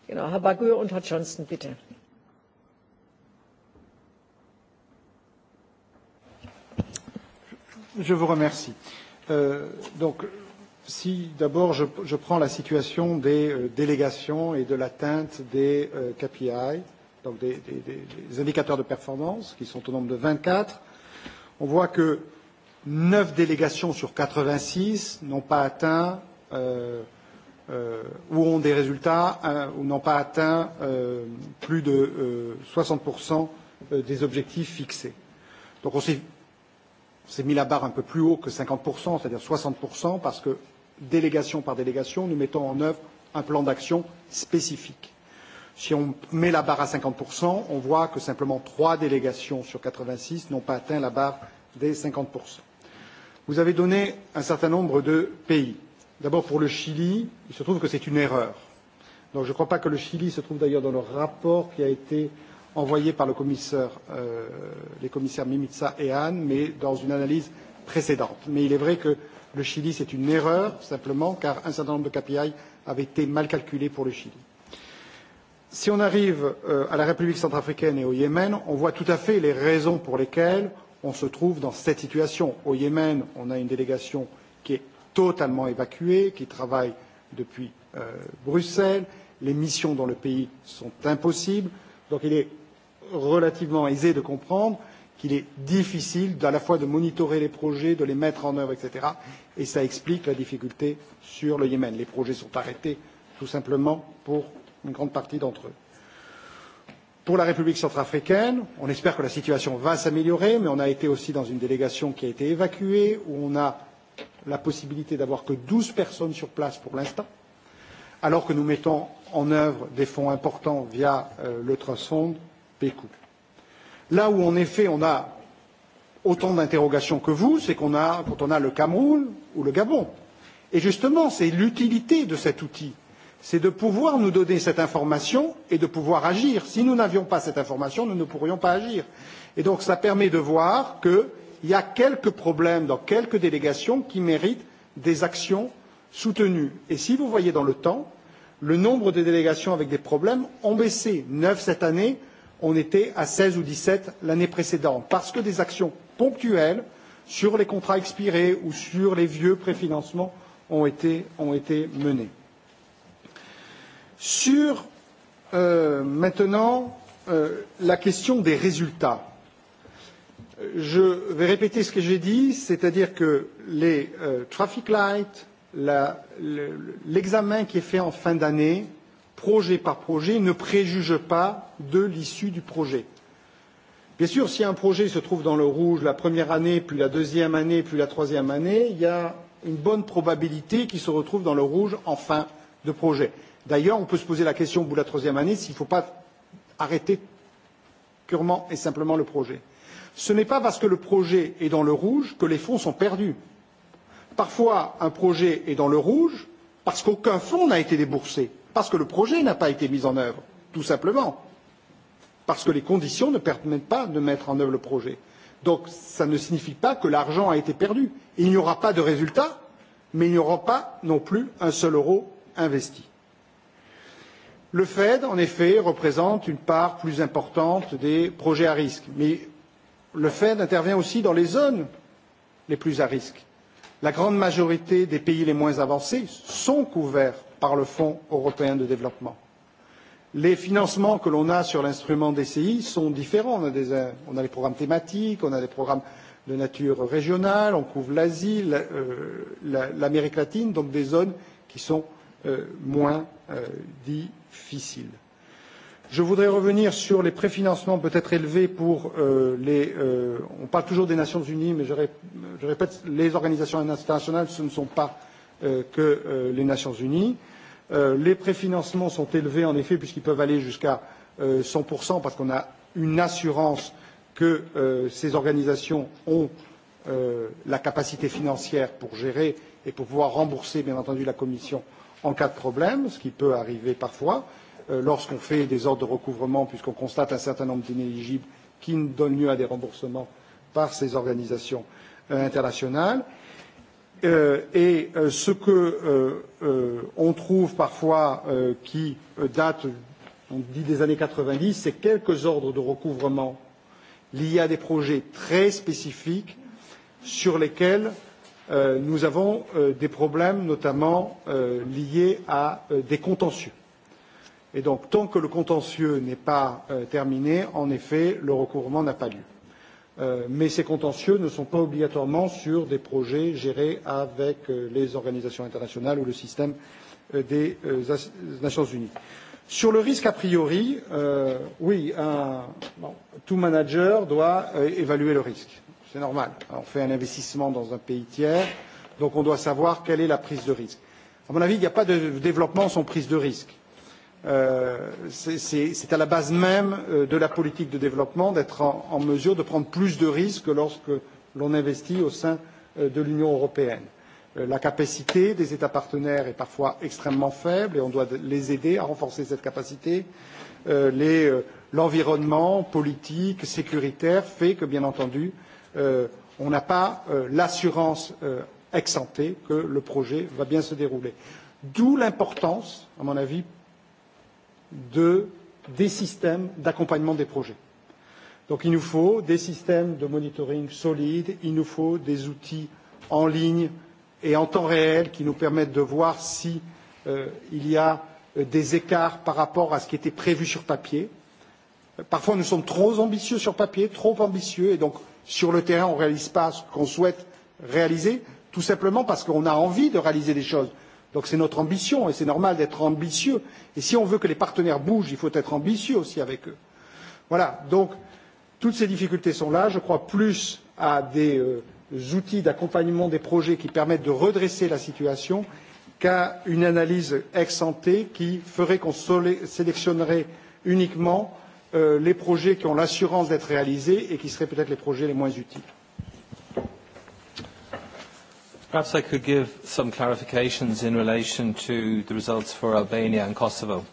Genau, Herr Bagür und Herr Johnston, bitte. Je vous remercie. Donc, si d'abord je prends la situation des délégations et de l'atteinte des KPI, donc des indicateurs de performance, qui sont au nombre de 24. On voit que 9 délégations sur 86 n'ont pas atteint ou ont des résultats ou n'ont pas atteint plus de 60% des objectifs fixés. Donc on s'est mis la barre un peu plus haut que 50%, c'est-à-dire 60%, parce que délégation par délégation, nous mettons en œuvre un plan d'action spécifique. Si on met la barre à 50%, on voit que simplement trois délégations sur 86 n'ont pas atteint la barre des 50%. Vous avez donné un certain nombre de pays. D'abord pour le Chili, il se trouve que c'est une erreur. je ne crois pas que le Chili se trouve d'ailleurs dans le rapport qui a été envoyé par le commissaire, les commissaires Mimitsa et Hahn, mais dans une analyse précédente. Mais il est vrai que le Chili, c'est une erreur, simplement, car un certain nombre de KPI avaient été mal calculés pour le Chili. Si on arrive à la République centrafricaine et au Yémen, on voit tout à fait les raisons pour lesquelles on se trouve dans cette situation. Au Yémen, on a une délégation qui est totalement évacuée, qui travaille depuis Bruxelles. Les missions dans le pays sont impossibles. Donc il est relativement aisé de comprendre qu'il est difficile à la fois de monitorer les projets, de les mettre en œuvre, etc. Et ça explique la difficulté sur le Yémen. Les projets sont arrêtés tout simplement pour une grande partie d'entre eux. Pour la République centrafricaine, on espère que la situation va s'améliorer, mais on a été aussi dans une délégation qui a été évacuée, où on a la possibilité d'avoir que 12 personnes sur place pour l'instant, alors que nous mettons en œuvre des fonds importants via le Trust Fund PECU. Là où, en effet, on a autant d'interrogations que vous, c'est qu'on a, quand on a le Cameroun ou le Gabon. Et justement, c'est l'utilité de cet outil c'est de pouvoir nous donner cette information et de pouvoir agir. Si nous n'avions pas cette information, nous ne pourrions pas agir. Et donc, ça permet de voir qu'il y a quelques problèmes dans quelques délégations qui méritent des actions soutenues. Et si vous voyez dans le temps, le nombre de délégations avec des problèmes ont baissé. Neuf cette année, on était à 16 ou 17 l'année précédente. Parce que des actions ponctuelles sur les contrats expirés ou sur les vieux préfinancements ont été menées. Sur maintenant la question des résultats. Je vais répéter ce que j'ai dit, c'est-à-dire que les traffic lights, l'examen qui est fait en fin d'année, projet par projet, ne préjuge pas de l'issue du projet. Bien sûr, si un projet se trouve dans le rouge la première année, puis la deuxième année, puis la troisième année, il y a une bonne probabilité qu'il se retrouve dans le rouge en fin de projet. D'ailleurs, on peut se poser la question au bout de la troisième année s'il ne faut pas arrêter purement et simplement le projet. Ce n'est pas parce que le projet est dans le rouge que les fonds sont perdus. Parfois, un projet est dans le rouge parce qu'aucun fonds n'a été déboursé, parce que le projet n'a pas été mis en œuvre, tout simplement, parce que les conditions ne permettent pas de mettre en œuvre le projet. Donc, ça ne signifie pas que l'argent a été perdu. Il n'y aura pas de résultat, mais il n'y aura pas non plus un seul euro investi. Le Fed, en effet, représente une part plus importante des projets à risque, mais le Fed intervient aussi dans les zones les plus à risque. La grande majorité des pays les moins avancés sont couverts par le Fonds européen de développement. Les financements que l'on a sur l'instrument DCI sont différents. On a, des, les programmes thématiques, on a des programmes de nature régionale, on couvre l'Asie, l'Amérique latine, donc des zones qui sont moins dites difficile. Je voudrais revenir sur les préfinancements peut-être élevés pour les... On parle toujours des Nations Unies, mais je répète, les organisations internationales, ce ne sont pas que les Nations Unies. Les préfinancements sont élevés, en effet, puisqu'ils peuvent aller jusqu'à 100%, parce qu'on a une assurance que ces organisations ont la capacité financière pour gérer et pour pouvoir rembourser, bien entendu, la Commission en cas de problème, ce qui peut arriver parfois, lorsqu'on fait des ordres de recouvrement, puisqu'on constate un certain nombre d'inéligibles qui ne donnent lieu à des remboursements par ces organisations internationales. Et ce que on trouve parfois qui date, on dit des années 90, c'est quelques ordres de recouvrement liés à des projets très spécifiques sur lesquels nous avons des problèmes notamment liés à des contentieux. Et donc, tant que le contentieux n'est pas terminé, en effet, le recouvrement n'a pas lieu. Mais ces contentieux ne sont pas obligatoirement sur des projets gérés avec les organisations internationales ou le système des Nations Unies. Sur le risque a priori, oui, tout manager doit évaluer le risque C'est normal. On fait un investissement dans un pays tiers, donc on doit savoir quelle est la prise de risque. À mon avis, il n'y a pas de développement sans prise de risque. C'est à la base même de la politique de développement d'être en mesure de prendre plus de risques lorsque l'on investit au sein de l'Union européenne. La capacité des États partenaires est parfois extrêmement faible et on doit les aider à renforcer cette capacité. L'environnement politique, sécuritaire fait que, bien entendu, on n'a pas l'assurance ex ante que le projet va bien se dérouler. D'où l'importance, à mon avis, des systèmes d'accompagnement des projets. Donc il nous faut des systèmes de monitoring solides, il nous faut des outils en ligne et en temps réel qui nous permettent de voir s'il y a des écarts par rapport à ce qui était prévu sur papier. Parfois nous sommes trop ambitieux sur papier, trop ambitieux, et donc sur le terrain, on ne réalise pas ce qu'on souhaite réaliser, tout simplement parce qu'on a envie de réaliser des choses. Donc c'est notre ambition, et c'est normal d'être ambitieux. Et si on veut que les partenaires bougent, il faut être ambitieux aussi avec eux. Voilà, donc toutes ces difficultés sont là. Je crois plus à des outils d'accompagnement des projets qui permettent de redresser la situation qu'à une analyse ex ante qui ferait qu'on sélectionnerait uniquement les projets qui ont l'assurance d'être réalisés et qui seraient peut-être les projets les moins utiles. Perhaps I could give some clarifications in relation to the results for Albania and Kosovo.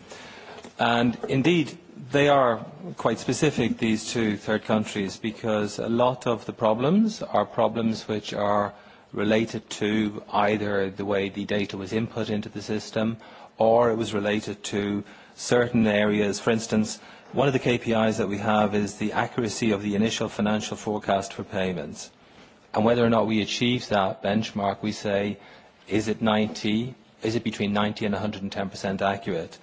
And indeed, they are quite specific, these two third countries, because a lot of the problems are problems which are related to either the way the data was input into the system or it was related to certain areas. For instance, One of the KPIs that we have is the accuracy of the initial financial forecast for payments. And whether or not we achieve that benchmark, we say, is it 90? Is it between 90 and 110% accurate?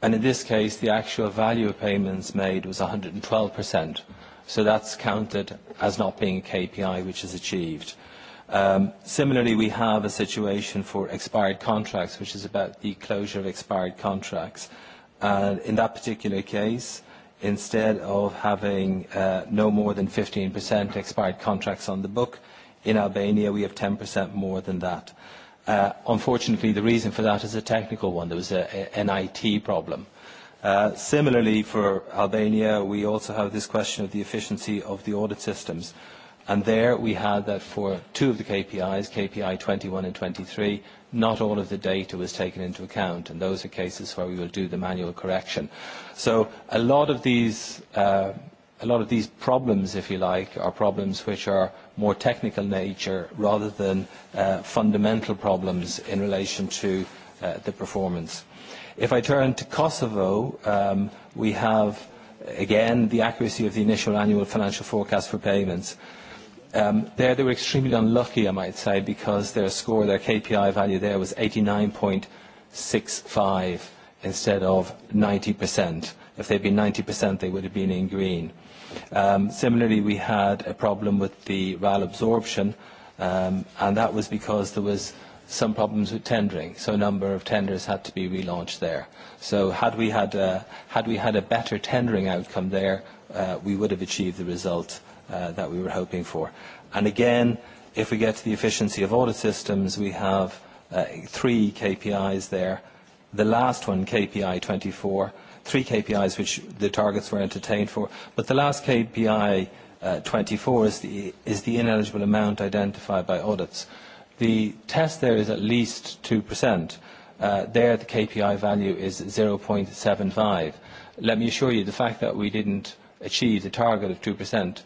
And in this case, the actual value of payments made was 112%. So that's counted as not being a KPI which is achieved. Similarly, we have a situation for expired contracts, which is about the closure of expired contracts in that particular case, instead of having no more than 15% expired contracts on the book, in Albania we have 10% more than that. Unfortunately, the reason for that is a technical one. There was an IT problem. Similarly, for Albania, we also have this question of the efficiency of the audit systems. And there we had that for two of the KPIs, KPI 21 and 23, not all of the data was taken into account, and those are cases where we will do the manual correction. So a lot of these a lot of these problems, if you like, are problems which are more technical nature rather than fundamental problems in relation to the performance. If I turn to Kosovo, we have, again, the accuracy of the initial annual financial forecast for payments. There they were extremely unlucky, I might say, because their score, their KPI value there was 89.65 instead of 90%. If they'd been 90%, they would have been in green. Similarly, we had a problem with the RAL absorption, and that was because there was some problems with tendering, so a number of tenders had to be relaunched there. So had we had a better tendering outcome there, we would have achieved the result that we were hoping for. And again, if we get to the efficiency of audit systems, we have three KPIs there. The last one, KPI 24, three KPIs which the targets were entertained for, but the last KPI 24 is the is the ineligible amount identified by audits. The test there is at least 2%. There the KPI value is 0.75. Let me assure you, the fact that we didn't achieve the target of 2%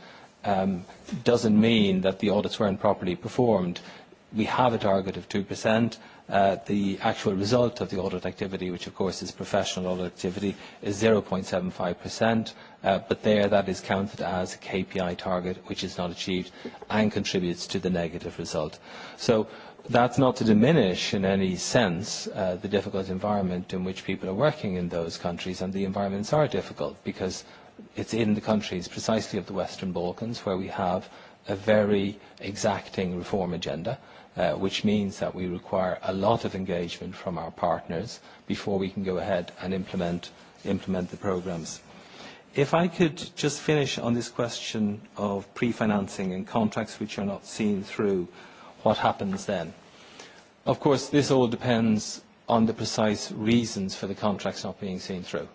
doesn't mean that the audits weren't properly performed. We have a target of 2%. The actual result of the audit activity, which of course is professional audit activity, is 0.75%, but there that is counted as a KPI target, which is not achieved and contributes to the negative result. So that's not to diminish in any sense the difficult environment in which people are working in those countries, and the environments are difficult because it's in the countries precisely of the Western Balkans where we have a very exacting reform agenda, which means that we require a lot of engagement from our partners before we can go ahead and implement the programmes. If I could just finish on this question of pre-financing and contracts which are not seen through, what happens then? Of course, this all depends on the precise reasons for the contracts not being seen through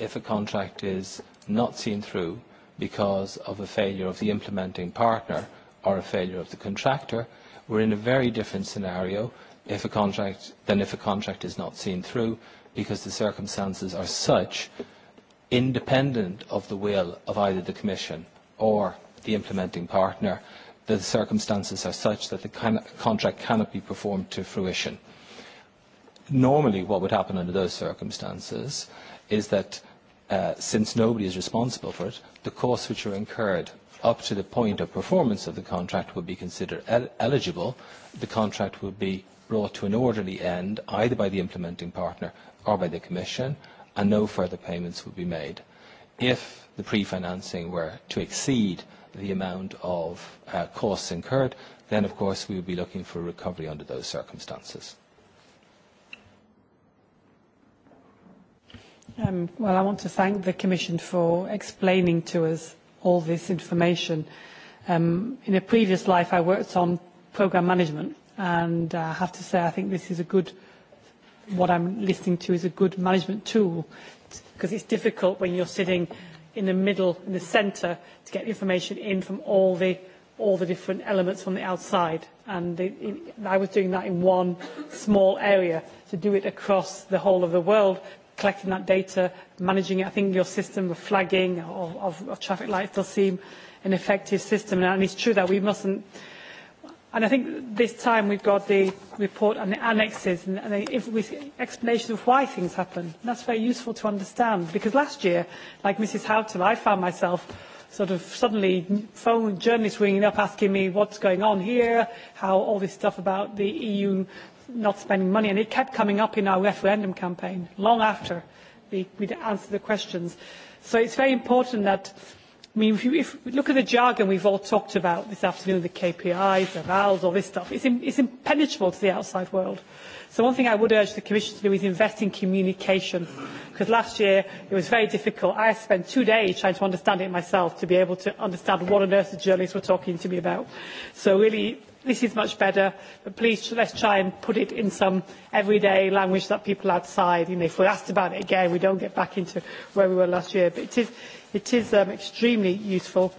if a contract is not seen through because of a failure of the implementing partner or a failure of the contractor, we're in a very different scenario if a contract than if a contract is not seen through because the circumstances are such independent of the will of either the Commission or the implementing partner, the circumstances are such that the contract cannot be performed to fruition. Normally what would happen under those circumstances is that since nobody is responsible for it, the costs which are incurred up to the point of performance of the contract would be considered eligible. The contract would be brought to an orderly end either by the implementing partner or by the Commission, and no further payments would be made. If the pre-financing were to exceed the amount of costs incurred, then of course we would be looking for recovery under those circumstances. Well, I want to thank the Commission for explaining to us all this information. In a previous life, I worked on programme management, and I have to say I think this is a good, what I'm listening to is a good management tool, because it's difficult when you're sitting in the middle, in the centre, to get information in from all the all the different elements from the outside. And I was doing that in one small area. To do it across the whole of the world collecting that data, managing it. I think your system of flagging of traffic lights does seem an effective system, and it's true that we mustn't. And I think this time we've got the report and the annexes and the explanation of why things happen. That's very useful to understand, because last year, like Mrs. Houghton, I found myself sort of suddenly phone journalists ringing up asking me what's going on here, how all this stuff about the EU not spending money, and it kept coming up in our referendum campaign long after we'd answered the questions. So it's very important that I mean, if we look at the jargon we've all talked about this afternoon, the KPIs, the RALs, all this stuff, it's, it's impenetrable to the outside world. So one thing I would urge the Commission to do is invest in communication, because last year it was very difficult. I spent two days trying to understand it myself to be able to understand what on earth the journalists were talking to me about. So really, this is much better, but please let's try and put it in some everyday language that people outside, you know, if we're asked about it again, we don't get back into where we were last year. But it is, It is extremely useful.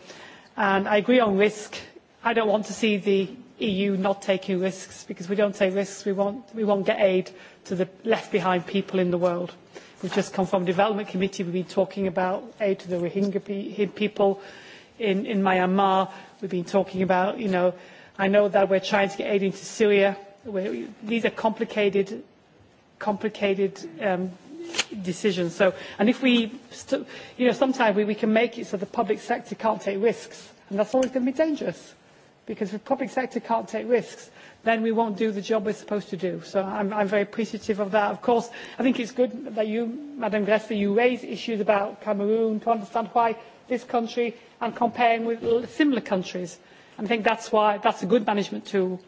And I agree on risk. I don't want to see the EU not taking risks because we don't take risks. We won't get aid to the left behind people in the world. We've just come from Development Committee. We've been talking about aid to the Rohingya people in Myanmar. We've been talking about, you know, I know that we're trying to get aid into Syria. These are complicated, complicated decisions. So, and if we, you know, sometimes we, we can make it so the public sector can't take risks, and that's always going to be dangerous, because if the public sector can't take risks, then we won't do the job we're supposed to do. So I'm, I'm very appreciative of that. Of course, I think it's good that you, Madam Gressler, you raise issues about Cameroon to understand why this country and comparing with similar countries. I think that's why that's a good management tool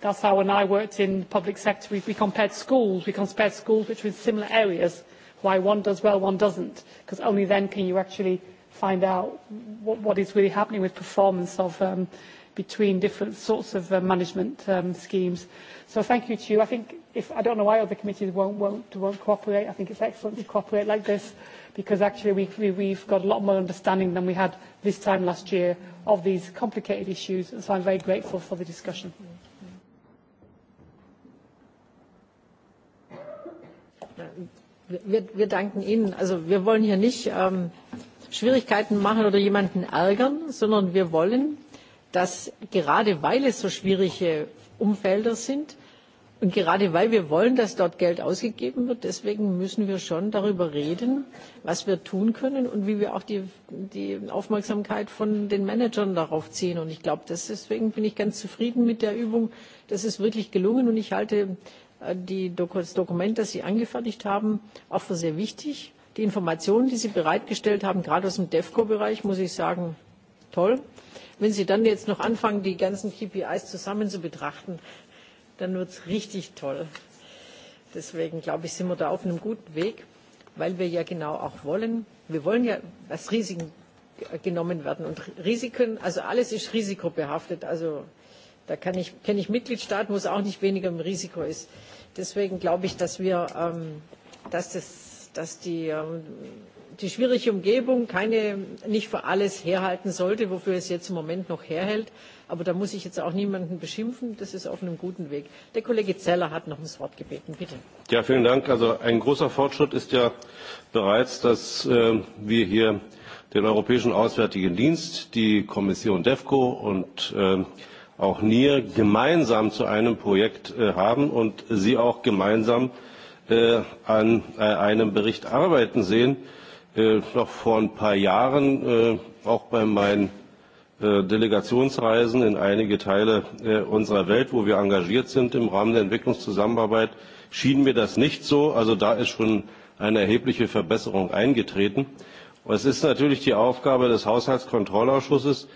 That's how when I worked in the public sector, we, we compared schools. We compared schools which were in similar areas, why one does well, one doesn't, because only then can you actually find out what, what is really happening with performance of um, between different sorts of management schemes. So thank you to you. I think if I don't know why other committees won't, won't, cooperate. I think it's excellent to cooperate like this because actually we, we, we've got a lot more understanding than we had this time last year of these complicated issues. And so I'm very grateful for the discussion. wir danken Ihnen. Also wir wollen hier nicht Schwierigkeiten machen oder jemanden ärgern, sondern wir wollen, dass gerade weil es so schwierige Umfelder sind und gerade weil wir wollen, dass dort Geld ausgegeben wird, deswegen müssen wir schon darüber reden, was wir tun können und wie wir auch die Aufmerksamkeit von den Managern darauf ziehen. Und ich glaube, deswegen bin ich ganz zufrieden mit der Übung. Das ist wirklich gelungen und ich halte das Dokument, das Sie angefertigt haben, auch für sehr wichtig. Die Informationen, die Sie bereitgestellt haben, gerade aus dem DEFCO-Bereich, muss ich sagen, toll. Wenn Sie dann jetzt noch anfangen, die ganzen KPIs zusammen zu betrachten, dann wird es richtig toll. Deswegen, glaube ich, sind wir da auf einem guten Weg, weil wir ja genau auch wollen, wir wollen ja, dass Risiken genommen werden. Und Risiken, also alles ist risikobehaftet. Also Da ich kenne ich Mitgliedstaaten, wo es auch nicht weniger im Risiko ist. Deswegen glaube ich, dass wir, dass die schwierige Umgebung keine nicht für alles herhalten sollte, wofür es jetzt im Moment noch herhält. Aber da muss ich jetzt auch niemanden beschimpfen. Das ist auf einem guten Weg. Der Kollege Zeller hat noch ums Wort gebeten. Bitte. Ja, vielen Dank. Also ein großer Fortschritt ist ja bereits, dass wir hier den Europäischen Auswärtigen Dienst, die Kommission DEFCO und auch NIR gemeinsam zu einem Projekt haben und Sie auch gemeinsam an einem Bericht arbeiten sehen. Noch vor ein paar Jahren, auch bei meinen Delegationsreisen in einige Teile unserer Welt, wo wir engagiert sind im Rahmen der Entwicklungszusammenarbeit, schien mir das nicht so. Also da ist schon eine erhebliche Verbesserung eingetreten. Es ist natürlich die Aufgabe des Haushaltskontrollausschusses,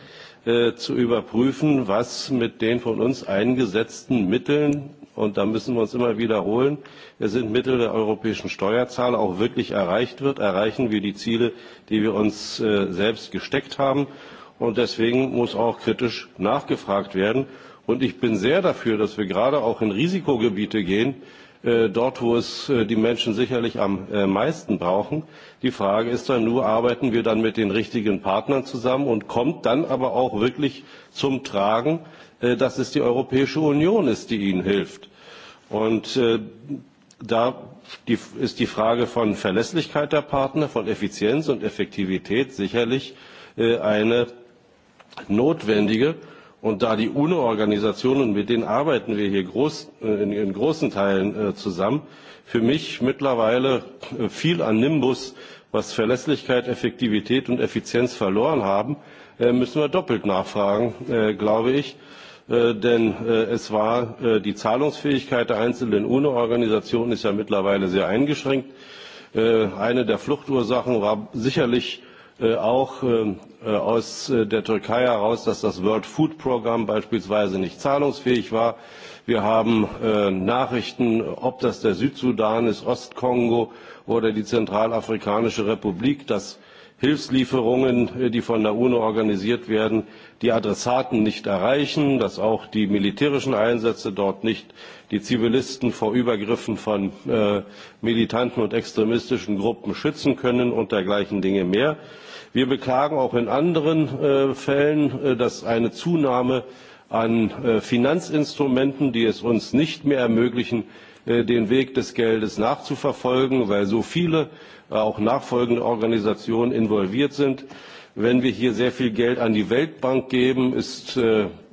zu überprüfen, was mit den von uns eingesetzten Mitteln und da müssen wir uns immer wiederholen es sind Mittel der europäischen Steuerzahler auch wirklich erreicht wird, erreichen wir die Ziele, die wir uns selbst gesteckt haben, und deswegen muss auch kritisch nachgefragt werden. ich bin sehr dafür, dass wir gerade auch in Risikogebiete gehen, dort, wo es die Menschen sicherlich am meisten brauchen. Die Frage ist dann nur, arbeiten wir dann mit den richtigen Partnern zusammen und kommt dann aber auch wirklich zum Tragen, dass es die Europäische Union ist, die ihnen hilft. Und da ist die Frage von Verlässlichkeit der Partner, von Effizienz und Effektivität sicherlich eine notwendige. Und da die UNO-Organisationen, mit denen arbeiten wir hier groß, in großen Teilen zusammen, für mich mittlerweile viel an Nimbus, was Verlässlichkeit, Effektivität und Effizienz verloren haben, müssen wir doppelt nachfragen, glaube ich. Denn es war die Zahlungsfähigkeit der einzelnen UNO-Organisationen ist ja mittlerweile sehr eingeschränkt. Eine der Fluchtursachen war sicherlich auch aus der Türkei heraus, dass das World Food Programm beispielsweise nicht zahlungsfähig war. Wir haben Nachrichten, ob das der Südsudan ist, Ostkongo oder die Zentralafrikanische Republik, dass Hilfslieferungen, die von der UNO organisiert werden, die Adressaten nicht erreichen, dass auch die militärischen Einsätze dort nicht die Zivilisten vor Übergriffen von militanten und extremistischen Gruppen schützen können und dergleichen Dinge mehr. Wir beklagen auch in anderen Fällen, dass eine Zunahme an Finanzinstrumenten, die es uns nicht mehr ermöglichen, den Weg des Geldes nachzuverfolgen, weil so viele auch nachfolgende Organisationen involviert sind. Wenn wir hier sehr viel Geld an die Weltbank geben, ist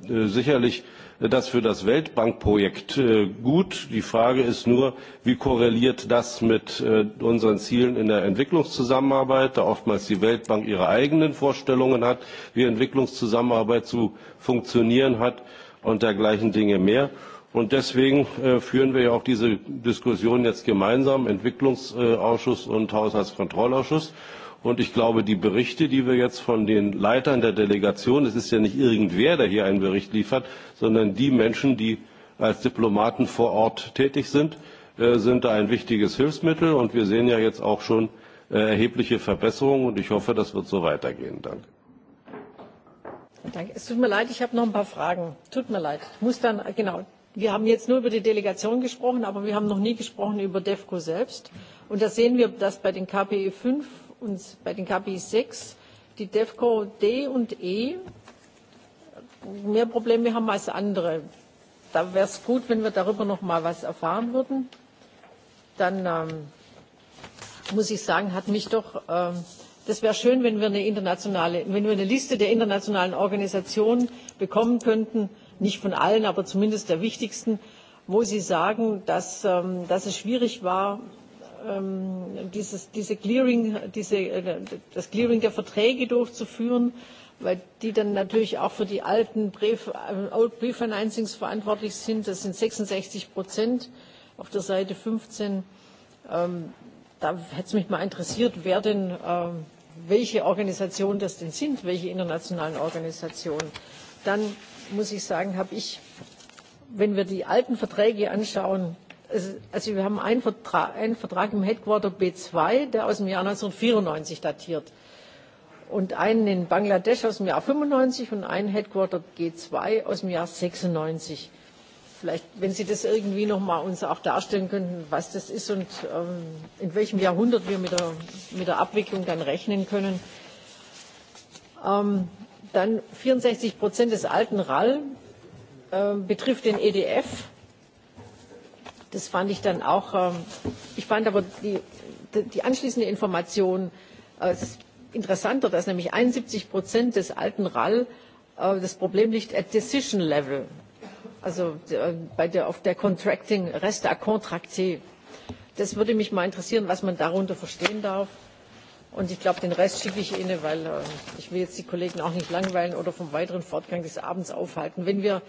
sicherlich das für das Weltbankprojekt gut. Die Frage ist nur, wie korreliert das mit unseren Zielen in der Entwicklungszusammenarbeit, da oftmals die Weltbank ihre eigenen Vorstellungen hat, wie Entwicklungszusammenarbeit zu funktionieren hat und dergleichen Dinge mehr. deswegen führen wir ja auch diese Diskussion jetzt gemeinsam, Entwicklungsausschuss und Haushaltskontrollausschuss. Und ich glaube, die Berichte, die wir jetzt von den Leitern der Delegation, es ist ja nicht irgendwer, der hier einen Bericht liefert, sondern die Menschen, die als Diplomaten vor Ort tätig sind, sind da ein wichtiges Hilfsmittel. Und wir sehen ja jetzt auch schon erhebliche Verbesserungen. Und ich hoffe, das wird so weitergehen. Danke. Es tut mir leid, ich habe noch ein paar Fragen. Tut mir leid. muss dann, genau. Wir haben jetzt nur über die Delegation gesprochen, aber wir haben noch nie gesprochen über DEFCO selbst. Und da sehen wir, dass bei den KPE 5 uns bei den KPI 6 die DEFCO D und E mehr Probleme haben als andere. Da wäre es gut, wenn wir darüber noch mal was erfahren würden. Dann muss ich sagen, hat mich doch, das wäre schön, wenn wir eine internationale, wenn wir eine Liste der internationalen Organisationen bekommen könnten, nicht von allen, aber zumindest der wichtigsten, wo sie sagen, dass es schwierig war, dieses, diese das Clearing der Verträge durchzuführen, weil die dann natürlich auch für die alten Pre-Financings verantwortlich sind. Das sind 66 Prozent auf der Seite 15. Da hätte es mich mal interessiert, wer denn, welche Organisationen das denn sind, welche internationalen Organisationen. Dann muss ich sagen, habe ich, wenn wir die alten Verträge anschauen, also wir haben einen Vertrag, einen Vertrag im Headquarter B2, der aus dem Jahr 1994 datiert. Und einen in Bangladesch aus dem Jahr 95 und einen Headquarter G2 aus dem Jahr 96. Vielleicht, wenn Sie das irgendwie noch mal uns auch darstellen könnten, was das ist und in welchem Jahrhundert wir mit der, mit der Abwicklung dann rechnen können. Ähm, dann 64 Prozent des alten RAL betrifft den EDF das fand ich dann auch, ich fand aber die anschließende Information interessanter, dass nämlich 71 Prozent des alten RAL das Problem liegt at decision level, also bei der, auf der Contracting, Reste à Contracté. Das würde mich mal interessieren, was man darunter verstehen darf. Und ich glaube, den Rest schicke ich Ihnen, weil ich will jetzt die Kollegen auch nicht langweilen oder vom weiteren Fortgang des Abends aufhalten. Wenn wir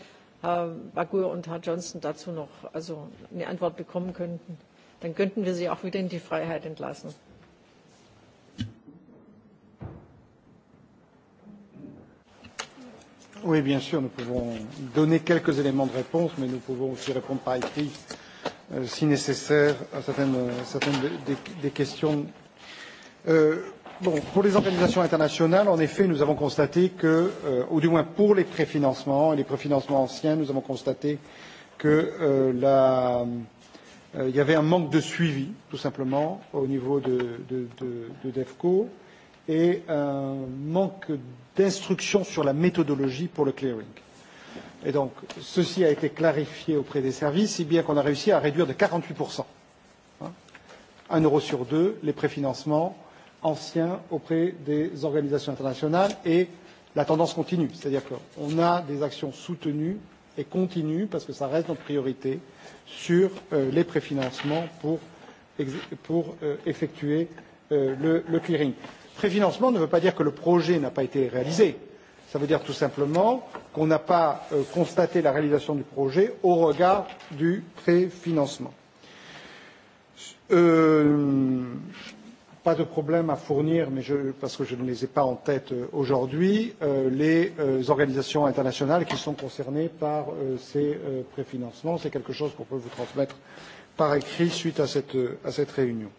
Herr Bagur und Herr Johnson dazu noch also eine Antwort bekommen könnten. Dann könnten wir sie auch wieder in die Freiheit entlassen. Oui, bien sûr, nous pouvons donner quelques éléments de réponse, mais nous pouvons aussi répondre par écrit, si nécessaire, à certaines certaines des questions. Euh, Bon, pour les organisations internationales, en effet, nous avons constaté que, ou du moins pour les préfinancements et les préfinancements anciens, nous avons constaté que il y avait un manque de suivi, tout simplement, au niveau de DEFCO et un manque d'instruction sur la méthodologie pour le clearing. Et donc, ceci a été clarifié auprès des services, si bien qu'on a réussi à réduire de 48%, un euro sur deux, les préfinancements ancien auprès des organisations internationales et la tendance continue. C'est-à-dire qu'on a des actions soutenues et continues, parce que ça reste notre priorité, sur les préfinancements pour effectuer le clearing. Préfinancement ne veut pas dire que le projet n'a pas été réalisé. Ça veut dire tout simplement qu'on n'a pas constaté la réalisation du projet au regard du préfinancement pas de problème à fournir, mais je, parce que je ne les ai pas en tête aujourd'hui, les organisations internationales qui sont concernées par ces préfinancements. C'est quelque chose qu'on peut vous transmettre par écrit suite à cette, à cette réunion.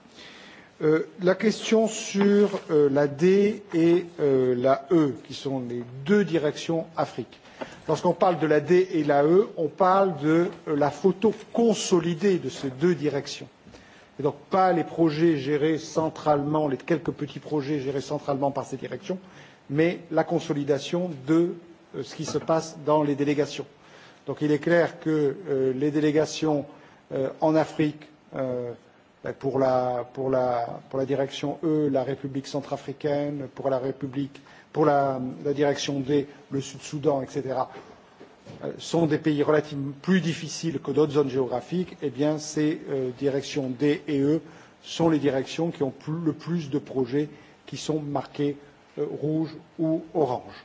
La question sur la D et la E, qui sont les deux directions Afrique. Lorsqu'on parle de la D et la E, on parle de la photo consolidée de ces deux directions et donc pas les projets gérés centralement, les quelques petits projets gérés centralement par ces directions, mais la consolidation de ce qui se passe dans les délégations. Donc il est clair que les délégations en Afrique, pour la, pour la, pour la direction E, la République centrafricaine, pour la République, pour la, la direction D, le Sud-Soudan, etc., sont des pays relativement plus difficiles que d'autres zones géographiques, eh bien, ces directions D et E sont les directions qui ont le plus de projets qui sont marqués rouge ou orange.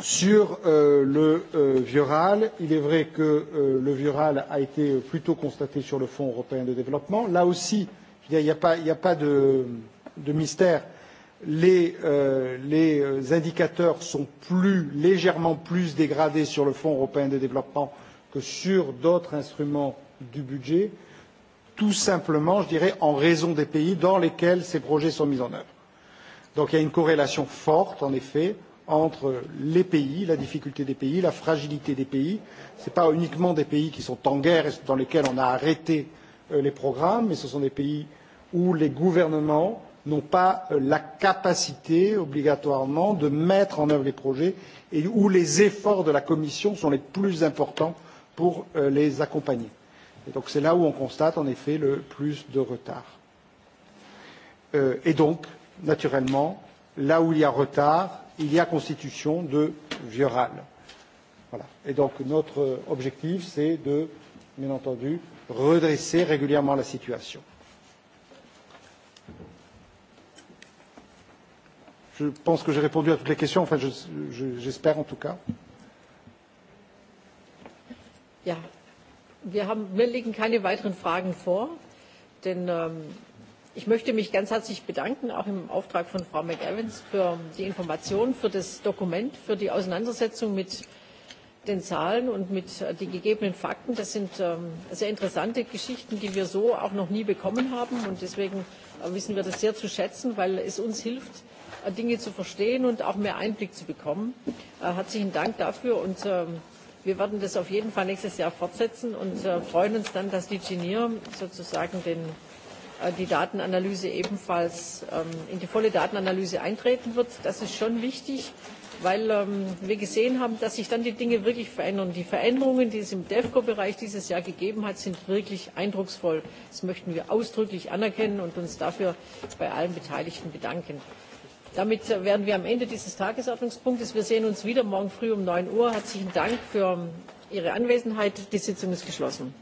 Sur le Vioral, il est vrai que le Vioral a été plutôt constaté sur le Fonds européen de développement. Là aussi, il n'y a pas de mystère les indicateurs sont plus légèrement plus dégradés sur le fonds européen de développement que sur d'autres instruments du budget tout simplement je dirais en raison des pays dans lesquels ces projets sont mis en œuvre. Donc il y a une corrélation forte en effet entre les pays, la difficulté des pays, la fragilité des pays. Ce n'est pas uniquement des pays qui sont en guerre et dans lesquels on a arrêté les programmes, mais ce sont des pays où les gouvernements n'ont pas la capacité obligatoirement de mettre en œuvre les projets et où les efforts de la Commission sont les plus importants pour les accompagner. Et donc c'est là où on constate en effet le plus de retard. Et donc, naturellement, là où il y a retard, il y a constitution de vieux Voilà. Et donc notre objectif, c'est de, bien entendu, redresser régulièrement la situation. Je pense que j'ai répondu à toutes les questions, enfin j'espère en tout cas. Ja, wir, haben, wir legen keine weiteren Fragen vor, denn ich möchte mich ganz herzlich bedanken, auch im Auftrag von Frau McEvans, für die Information, für das Dokument, für die Auseinandersetzung mit den Zahlen und mit den gegebenen Fakten. Das sind sehr interessante Geschichten, die wir so auch noch nie bekommen haben. Und deswegen wissen wir das sehr zu schätzen, weil es uns hilft, Dinge zu verstehen und auch mehr Einblick zu bekommen. Herzlichen Dank dafür und wir werden das auf jeden Fall nächstes Jahr fortsetzen und freuen uns dann, dass die GENIR sozusagen die Datenanalyse ebenfalls in die volle Datenanalyse eintreten wird. Das ist schon wichtig, weil wir gesehen haben, dass sich dann die Dinge wirklich verändern. Die Veränderungen, die es im DEFCO-Bereich dieses Jahr gegeben hat, sind wirklich eindrucksvoll. Das möchten wir ausdrücklich anerkennen und uns dafür bei allen Beteiligten bedanken. Damit werden wir am Ende dieses Tagesordnungspunktes. Wir sehen uns wieder morgen früh um 9 Uhr. Herzlichen Dank für Ihre Anwesenheit. Die Sitzung ist geschlossen.